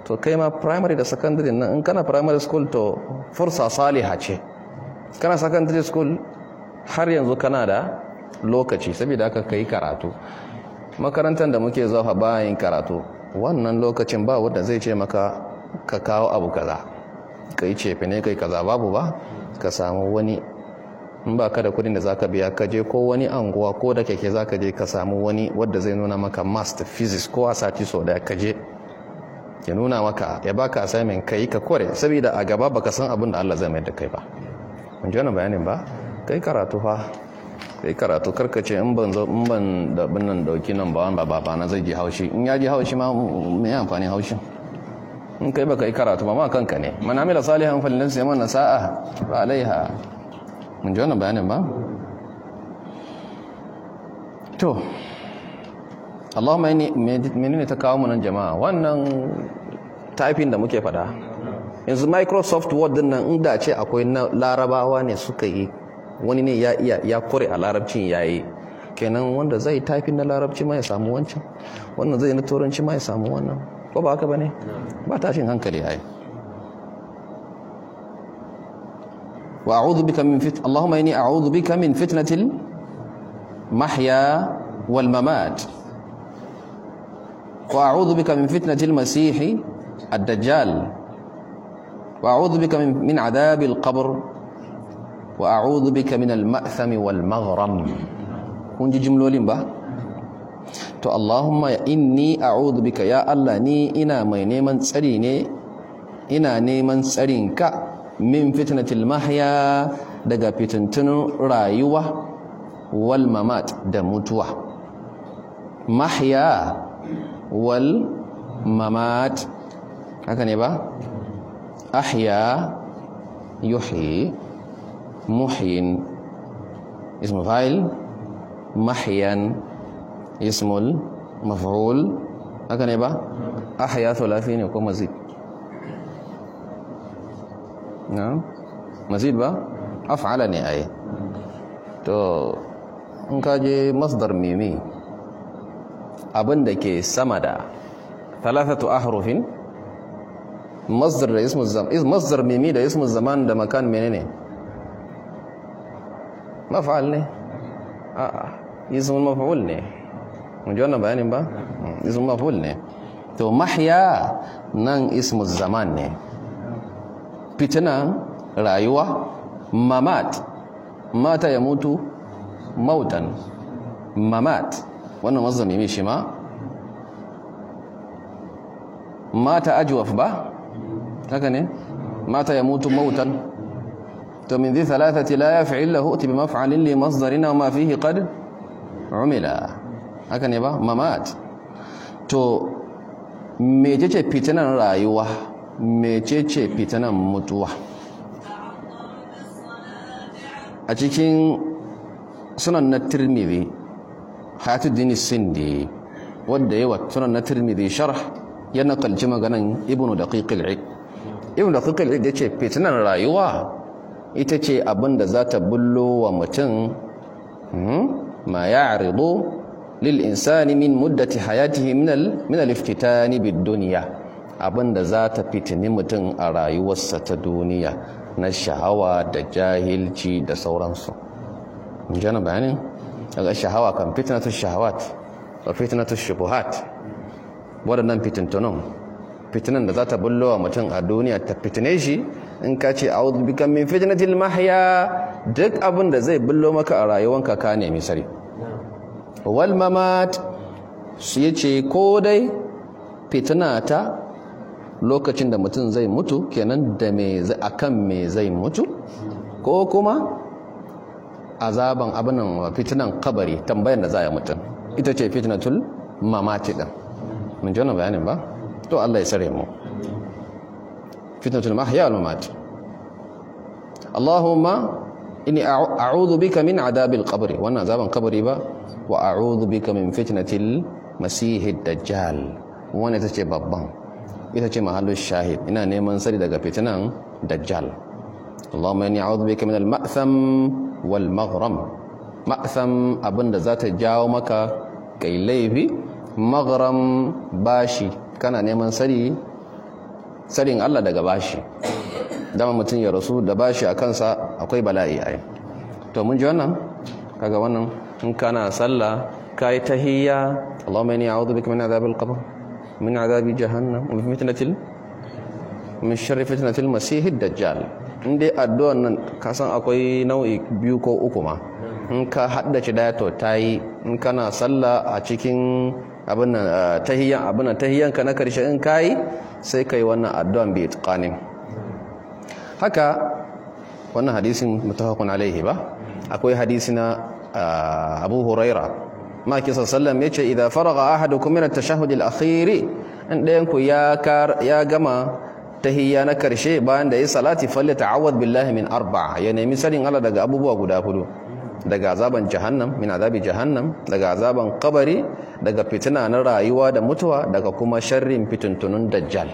A: to kai ma primary da secondary nan in kana primary school to fursa saliha ce kana secondary school har yanzu kana da lokaci saboda aka kai karatu makarantar da muke zuwa bayan karatu wannan lokacin ba wanda zai ce maka ka kawo abu kaza kai cefe ne kai kaza babu ba ka samu wani in ba ka da kudin da zaka biya ka je ko wani anguwa ko da keke zaka je ka samu wani wadda zai nuna maka master physics ko a sati so da ka je ya nuna maka ya baka assignment kai ka kore saboda a gaba baka san abin da Allah zai mai da kai ba Kun ji bayanin ba kai karatu fa kai karatu karkace in ban zo in ban da binnan dauki nan ba wani ba na zai ji haushi in ya ji haushi ma me ya amfani haushin in kai baka yi karatu ba ma kanka ne mana amila salihan falinansu yaman na sa'a ba alaiha mun ji wannan bayanin ba to Allahumma menene ta kawo mu nan jama'a wannan taifin da muke fada yanzu microsoft word din nan inda ce akwai larabawa ne suka yi wani ne ya iya ya kore a larabcin yayi kenan wanda zai tafi na larabci ma ya samu wancan wannan zai na turanci ma ya samu wannan ko ba haka bane ba tashin hankali ai wa a'udhu bika min fit Allahumma inni a'udhu bika min fitnatil mahya wal mamat wa a'udhu bika min fitnatil masih ad-dajjal وأعوذ بك من عذاب القبر وأعوذ بك من المأثم والمغرم kun ji jimlolin ba to Allahumma inni a'udhu bika ya Allah ni ina neman tsari ka min fitnatil mahya daga fitintunin rayuwa wal da mutuwa mahya wal mamat ne ba أحيا يحيي محيٍ اسم فاعل محيا اسم المفعول أكن يبقى أحيا ثلاثين يكون مزيد نعم مزيد بقى أفعلني أي تو in ka je masdar meme سمدا ثلاثة أحرف masdar da ismul zaman masdar mimi da ismul zaman da makan menene maf'al ne a'a ismul maf'ul ne mun ji wannan bayanin ba hmm, ismul maf'ul ne to mahya nan ismul zaman ne fitina rayuwa mamat mata ya mutu mautan mamat wannan mimi shi ma mata ajwaf ba haka ne mata ya mutu mautan to min salata thalathati la fi illa hoti bi maf'alin limas masdarina ma fihi hikad rumila haka ne ba mamat to mecece fitinan rayuwa mecece fitinan mutuwa a cikin sunan na tirmidhi dini sindi wadda yawa sunan na tirmidhi shara yana kalci maganan ibnu daqiq al ibn da qayyim ya ce fitinar rayuwa ita ce abin da za ta bullo wa mutum hmm, ma ya'ridu lil insani min muddati hayatihi minal al min al abin da za ta fitini mutum a rayuwarsa ta duniya na shahawa da jahilci da sauransu jana bayanin daga shahawa kan fitinatun shahawat wa fitinatun shubuhat waɗannan fitintunan fitinan da za ta bullo wa mutum a duniya ta fitine shi in ka ce a a'udhu bikan min fitnatil mahaya duk abin da zai bullo maka a rayuwanka ka nemi sari wal mamat yi ce ko dai fitina ta lokacin da mutum zai mutu kenan da me kan me zai mutu ko kuma azaban abinan fitinan kabari tambayar da za a mutum ita ce fitnatul mamati din mun ji wani bayanin ba to Allah ya tsare mu fitnatul mahya wal mamat Allahumma inni a'udhu bika min adabil wa wannan azaban kabari ba wa a'udhu bika min fitnatil masihid dajjal wannan ita ce babban ita ce mahallin shahid ina neman sari daga fitinan dajjal Allahumma inni a'udhu bika min al-ma'tham wal maghram ma'tham abinda za ta jawo maka kai laifi maghram bashi kana neman sari sarin Allah daga bashi dama mutum ya rasu da bashi a kansa akwai bala'i ai to mun ji wannan kaga wannan in kana sallah kai tahiyya Allahumma inni a'udhu bika min adhabil qabr min adhabi jahannam wa fitnatil min sharri fitnatil masihid dajjal in dai addu'an nan ka san akwai nau'i biyu ko uku ma in ka haddace daya to tayi in kana sallah a cikin abin ah, tahiyyan abin tahiyyan ka na karshe in kai sai kai wannan addu'an bi itqanin haka wannan hadisin mutafaqun alaihi ba akwai hadisi na ah, Abu Huraira ma kisa sallam yace idza faraga ahadukum min at-tashahhud al-akhir in dayan ku ya ya gama tahiyya na karshe bayan da yi salati falyata'awwad billahi min arba'a ya nemi sanin Allah daga abubuwa guda hudu daga azaban jahannam min azabi jahannam daga azaban kabari daga fitina na rayuwa da mutuwa daga kuma sharrin fitintunun dajjal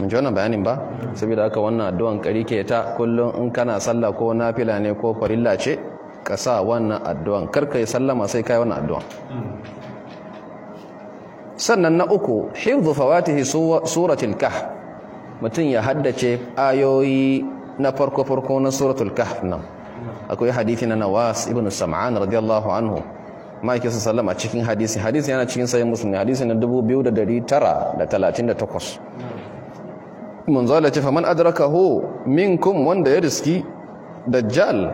A: mun ji wannan bayanin ba saboda haka wannan addu'an kari ke ta kullum in kana sallah ko nafila ne ko farilla ce ka sa wannan addu'an kar ka yi sallama sai kai wannan addu'an sannan na uku hifdhu fawatihi suratul kahf mutum ya haddace ayoyi na farko farko na suratul kahf nan akwai hadisi na Nawas ibn Sam'an radiyallahu anhu ma'aikin sallam a cikin hadisi hadisi yana cikin sayin musulmi hadisi na 2938 mun zala ce faman min minkum wanda ya riski dajjal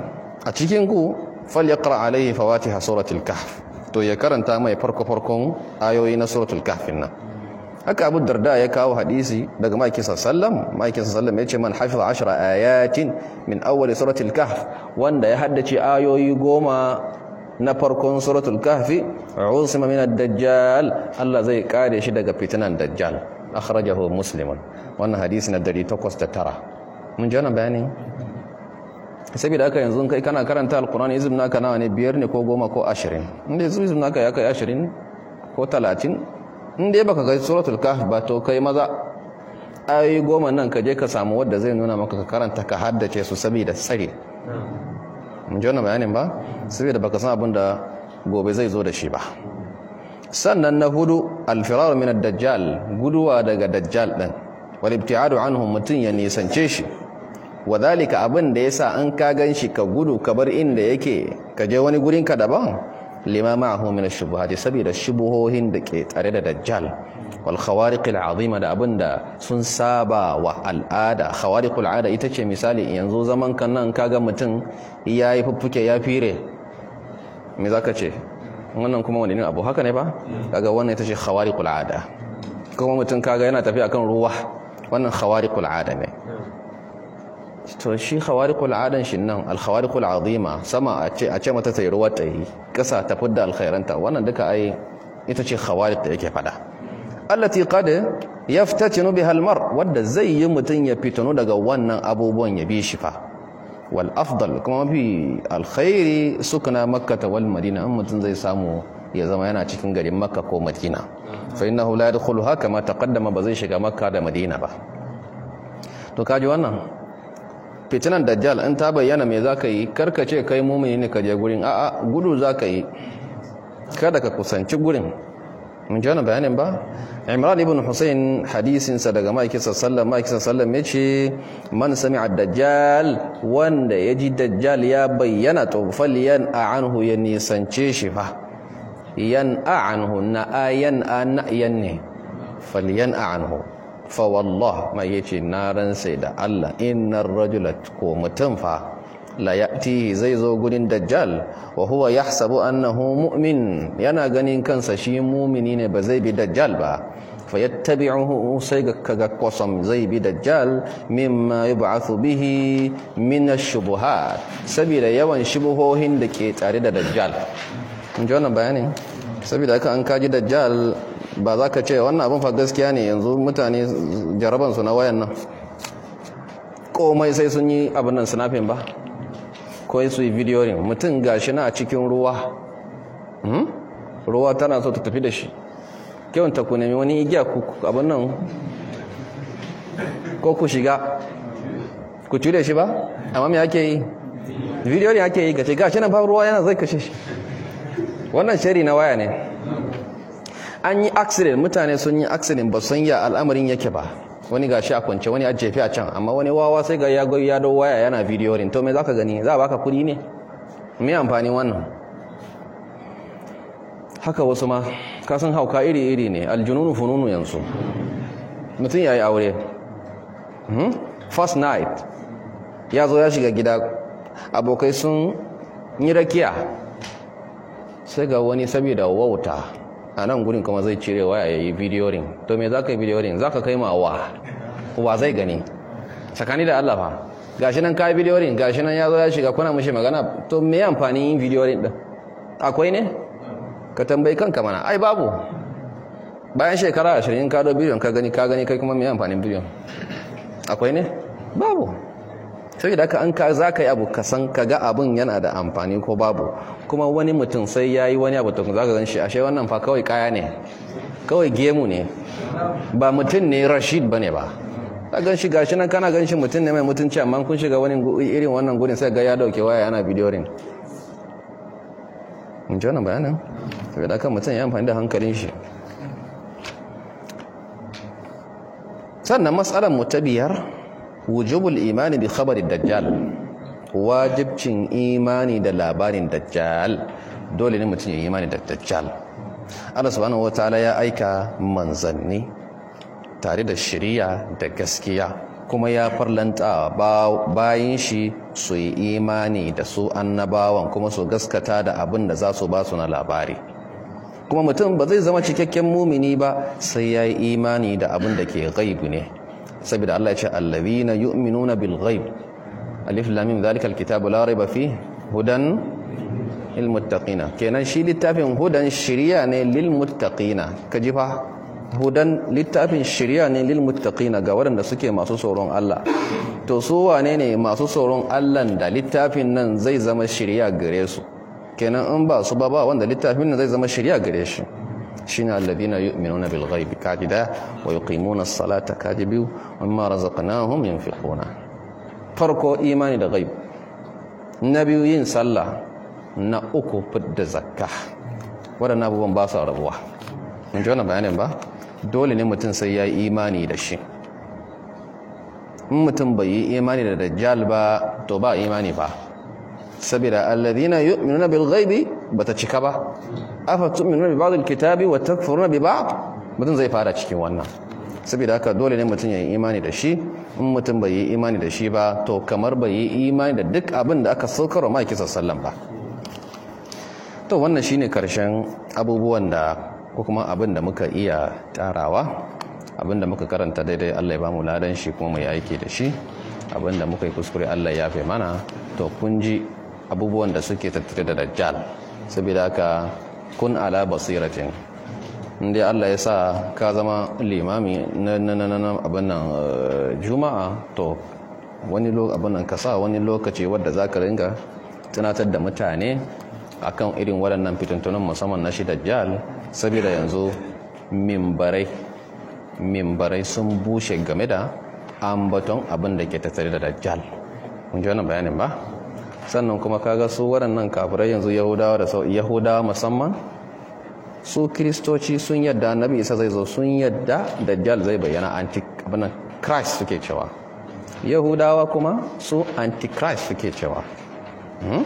A: a cikin ku falyaqra alaihi fawatiha suratul kahf to ya karanta mai farko farkon ayoyi na suratul nan haka abu darda ya kawo hadisi daga maki sallam maki sallam ya ce man hafiza ashra ayatin min awwal suratul kahf wanda ya haddace ayoyi goma na farkon suratul kahfi usma min ad-dajjal Allah zai kare shi daga fitinan dajjal akhrajahu musulman wannan hadisi na 809 mun ji wannan bayani saboda haka yanzu kai kana karanta alqur'ani izm naka nawa ne biyar ne ko goma ko 20 inda izm naka ya kai 20 ko 30 in dai baka ga suratul kahf ba to kai maza ayoyi goma nan ka je ka samu wanda zai nuna maka ka karanta ka haddace su saboda sare mun ji wannan bayanin ba saboda baka san abin da gobe zai zo da shi ba sannan na hudu al-firar min ad-dajjal guduwa daga dajjal din wal ibtiadu anhum mutun ya nisance shi wadhalika abin da yasa an ka ganshi ka gudu ka bar inda yake ka je wani gurin ka daban lima ma'ahu min ash-shubuhati saboda shubuhohin da ke tare da dajjal wal khawariqil azima da abinda sun saba wa al'ada khawariqul al'ada ita ce misali yanzu zaman kan nan kaga mutum yayi fuffuke ya fire me zaka ce wannan kuma wani abu haka ne ba kaga wannan ita ce khawariqul al'ada kuma mutum kaga yana tafiya kan ruwa wannan khawariqul al'ada ne to shi khawariqul adan shin nan al khawariqul azima sama a ce a ce mata tayi ruwa yi kasa ta fudda al wannan duka ai ita ce khawariq da yake fada allati qad yaftatinu biha al mar wanda zai yi mutun ya fitano daga wannan abubuwan ya bi shi fa wal afdal kuma mafi al khairi sukna makkah wal madina in mutun zai samu ya zama yana cikin garin makka ko madina fa innahu la yadkhuluha kama taqaddama ba zai shiga makka da madina ba to kaji wannan fitinan dajjal in ta bayyana me za ka yi karkace kai mumini ne ka je gurin a'a gudu za ka yi kada ka kusanci gurin mun ji wani bayanin ba imran ibn hussein hadisinsa daga ma'aikisar sallam ma'aikisar sallam ya ce man sami a dajjal wanda ya ji dajjal ya bayyana to yan a anhu ya nisance shi fa yan a anhu na a yan a yan ne fal a anhu fa wallah mai yace na ransa da Allah innar rajula ko mutum fa la ya'ti zai zo gurin dajjal wa huwa yahsabu annahu mu'min yana ganin kansa shi mu'mini ne ba zai bi dajjal ba Fa fayattabi'uhu sai ga kaga kwasam zai bi dajjal mimma yub'athu bihi min ash-shubuhat saboda yawan shubuhohin da ke tare da dajjal mun ji wannan bayanin saboda haka an kaji dajjal ba za ka ce wannan abin fa gaskiya ne yanzu mutane jarabansu na wayan nan komai sai sun yi abin nan snapping ba ko su yi video ne mutum shi na a cikin ruwa hmm? ruwa tana so ta tafi da shi kyawunta ku nemi wani igiya ku abin nan ko ku shiga ku cire shi ba amma mai ake yi video ne ake yi ga shi nan fa ruwa yana zai kashe shi wannan shari na waya ne an yi accident mutane sun yi accident ba san ya al'amarin yake ba wani gashi a kwance wani a jefi a can amma wani wawa sai ga ya ya dau waya yana video rin to me zaka gani za baka kuɗi ne me amfani wannan haka wasu ma ka san hauka iri iri ne aljununu fununu yanzu mutum yayi aure hmm? first night ya zo ya shiga gida abokai sun yi rakiya sai ga wani saboda wauta a nan gurin kuma zai cire waya ya yi video ring to me za ka yi video ring za ka kai ma wa wa zai gani tsakani da Allah fa gashi nan yi video ring gashi nan ya zo ya shiga kuna mushi magana to me amfani yin video ring din akwai ne ka tambayi kanka mana ai babu bayan shekara 20 ka do bidiyon ka gani ka gani kai kuma me amfanin bidiyon akwai ne babu sai da an ka za ka yi abu ka san ka ga abin yana da amfani ko babu kuma wani mutum sai ya yi wani abu tukun za ka shi ashe wannan fa kawai kaya ne kawai gemu ne ba mutum ne rashid ba ne ba ka gan shi gashi nan kana gan shi mutum ne mai mutunci amma kun shiga wani irin wannan gudun sai ga ya dauke waya yana rin in ji wannan bayanin sai da kan mutum ya amfani da hankalin shi sannan matsalar mu ta biyar wujubul imani bi khabarin dajjal wajibcin imani da labarin dajjal dole ne mutum ya yi imani da dajjal Allah subhanahu wataala ya aika manzanni tare da shiriya da gaskiya kuma ya farlanta bayan shi su yi imani da su annabawan kuma su gaskata da abin da za su ba su na labari kuma mutum ba zai zama cikakken mumini ba sai ya yi imani da abin da ke gaibu ne saboda Allah ya ce allazina yu'minuna bil ghaib alif lam mim kitabu la raiba fi hudan lil kenan shi littafin hudan shiriya ne lil muttaqina ji fa hudan littafin shiriya ne lil ga waɗanda suke masu tsoron Allah to su wane ne masu tsoron Allah da littafin nan zai zama shiriya gare su kenan in ba su ba ba wanda littafin nan zai zama shiriya gare shi احشنا الذين يؤمنون بالغيب كاجدا ويقيمون الصلاة كاددا وما رزقناهم ينفقون فرق إيمان الغيب النبي ينسل الله نأكو بد زكا ولا نابو مباسا ربوا من جوانا بيانين با دول نمتن سيا إيماني دشي نمتن بي إيماني للرجال با توبا إيماني با سبرا الذين يؤمنون بالغيب bata cika ba afa min bi ba'd alkitabi wa takfuruna bi ba'd mutum zai fara cikin wannan saboda haka dole ne mutum ya yi imani da shi in mutum bai yi imani da shi ba to kamar bai yi imani da duk abin da aka saukar wa maki sallan ba to wannan shine karshen abubuwan da ko kuma abin da muka iya tarawa abin da muka karanta daidai Allah ya mu ladan shi kuma mai aiki da shi abin da muka yi kuskure Allah ya fi mana to kun ji abubuwan da suke tattare da dajjal saboda ka kun ala basiratin inda Allah ya sa ka zama limami na abin nan eh, juma'a to wani abin nan ka sa wani lokaci wadda za ka ringa tunatar da mutane akan irin waɗannan fitintunan musamman na shi dajjal saboda yanzu mimbarai mimbarai sun bushe game da ambaton abin da ke tattare da dajjal kun ji wannan bayanin ba sannan kuma kaga su waɗannan kafirai yanzu yahudawa da yahudawa musamman su kiristoci sun yadda nabi isa zai zo sun yadda dajjal zai bayyana antichrist christ suke cewa yahudawa kuma su antichrist suke cewa hmm?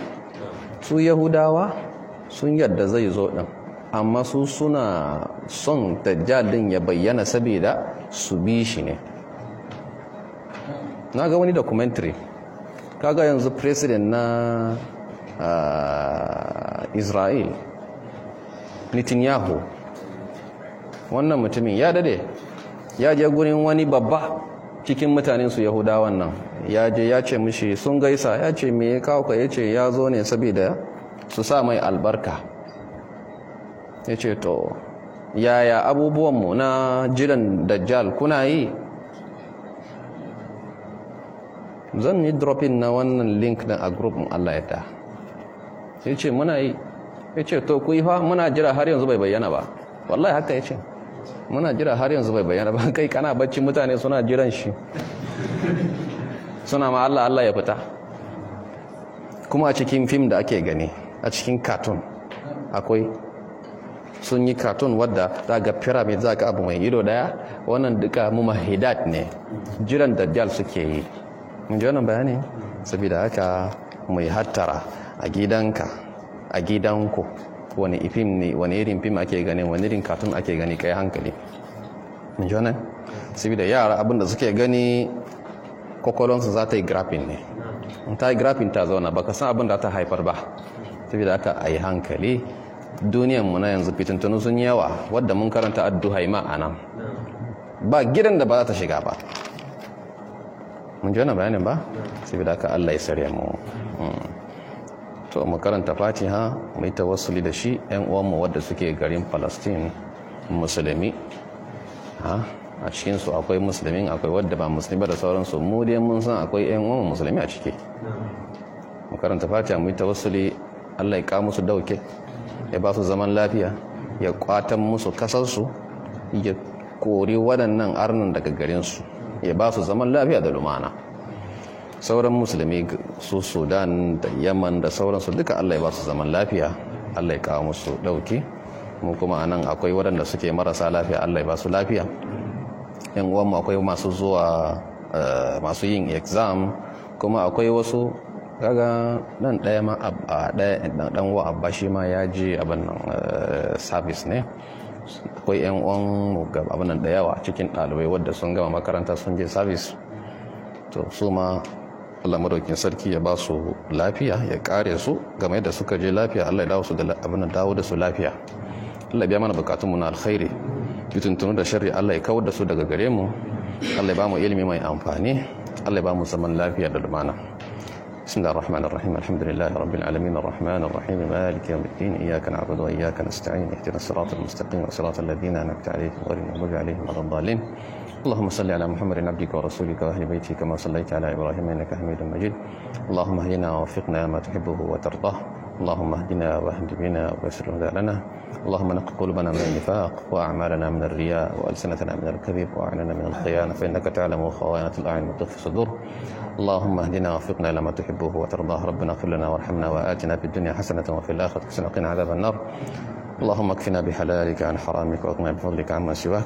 A: su yahudawa sun yadda zai zo ɗin amma su suna son dajjal din ya bayyana saboda su bi shi ne na ga wani documentary kaga yanzu president na ah, israel netanyahu wannan mutumin ya dade ya je gurin wani babba cikin mutanen su yahudawan nan ya je ya ce mishi sun gaisa ya ce me ya kawo ka ya ce ya zo ne saboda su sa mai albarka ya ce to yaya abubuwanmu na jiran dajjal kuna yi zan yi dropping na wannan link na a group Allah ya ta sai ce muna yi yace to ku yi fa muna jira har yanzu bai bayyana ba wallahi haka yace muna jira har yanzu bai bayyana ba kai kana bacci mutane suna jiran shi suna ma Allah Allah ya fita kuma a cikin film da ake gani a cikin cartoon akwai sun yi cartoon wadda za ga pyramid za ga abu mai ido daya wannan duka mahidat ne jiran dajjal suke yi mun ji wannan bayani saboda haka mai hattara a gidanka a gidanku wani ifin ne wani irin fim ake gani wani irin katun ake gani kai hankali mun ji wannan saboda yara abinda suke gani kokolonsu za ta yi grafin ne in ta yi grafin ta zauna baka san abin da ta haifar ba saboda haka a yi hankali duniyan mu na yanzu fitintunu sun yawa wadda mun karanta addu'ai ma nan. ba gidan da ba za ta shiga ba mun ji wannan bayanin ba da aka Allah ya sare mu mm. to mu karanta Fatiha mu yi tawassuli da shi ɗan uwan mu wanda suke garin Palestine musulmi ha a cikin su akwai musulmin akwai wanda ba musulmi ba da sauransu mu dai mun san akwai ɗan uwan musulmi a ciki mu karanta Fatiha mu yi tawassuli Allah ya ka musu dauke ya ba su zaman lafiya ya kwatan musu kasarsu ya kori waɗannan arnan daga garin su. ya ba su zaman lafiya da lumana sauran musulmi su sudan da yaman da sauransu duka allai ba su zaman lafiya allai kawo musu dauki mu kuma anan akwai waɗanda suke marasa lafiya allai ba su lafiya yan uwanmu akwai masu zuwa eh, masu yin exam kuma akwai wasu kaga nan ɗaya ma a ɗaya ɗan uwa abba shi ma ya ji abin eh, service ne akwai yan uwan abin da yawa cikin ɗalibai wadda sun gama makaranta sun je sabis to su ma Allah madaukin sarki ya ba su lafiya ya kare su game da suka je lafiya Allah ya dawo su da abin dawo da su lafiya Allah biya mana bukatun mu na alkhairi fitintunu da sharri Allah ya kawar da su daga gare mu Allah ya ba mu ilimi mai amfani Allah ya ba mu zaman lafiya da lumana بسم الله الرحمن الرحيم الحمد لله رب العالمين الرحمن الرحيم مالك يوم الدين إياك نعبد وإياك نستعين اهدنا الصراط المستقيم وصراط الذين أنعمت عليهم غير المغضوب عليهم ولا الضالين اللهم صل على محمد عبدك ورسولك وأهل بيتك كما صليت على إبراهيم إنك حميد مجيد اللهم اهدنا ووفقنا ما تحبه وترضاه اللهم اهدنا واهد بنا ويسر الهدى لنا اللهم نق قلوبنا من النفاق وأعمالنا من الرياء وألسنتنا من الكذب وأعيننا من الخيانة فإنك تعلم خواينة الأعين وتخفي الصدور اللهم اهدنا ووفقنا لما تحبه وترضاه ربنا اغفر لنا وارحمنا وآتنا في الدنيا حسنة وفي الآخرة حسنة وقنا عذاب النار اللهم اكفنا بحلالك عن حرامك واغننا بفضلك عما سواك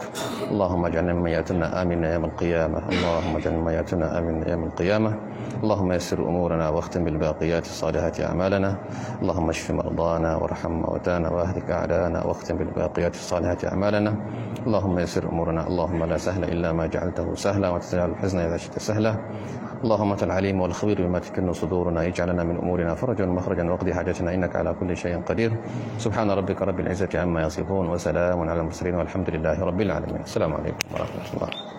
A: اللهم اجعلنا مما ياتنا امنا يوم القيامه اللهم اجعلنا مما ياتنا امنا يوم القيامه اللهم يسر امورنا واختم بالباقيات الصالحات اعمالنا اللهم اشف مرضانا وارحم موتانا واهلك اعدانا واختم بالباقيات الصالحات اعمالنا اللهم يسر امورنا اللهم لا سهل الا ما جعلته سهلا وتجعل الحزن اذا شئت سهلا اللهم انت العليم والخبير بما تكن صدورنا اجعلنا من امورنا فرجا ومخرجا واقضي حاجتنا انك على كل شيء قدير سبحان ربك رب رب العزة عما يصفون وسلام على المرسلين والحمد لله رب العالمين السلام عليكم ورحمة الله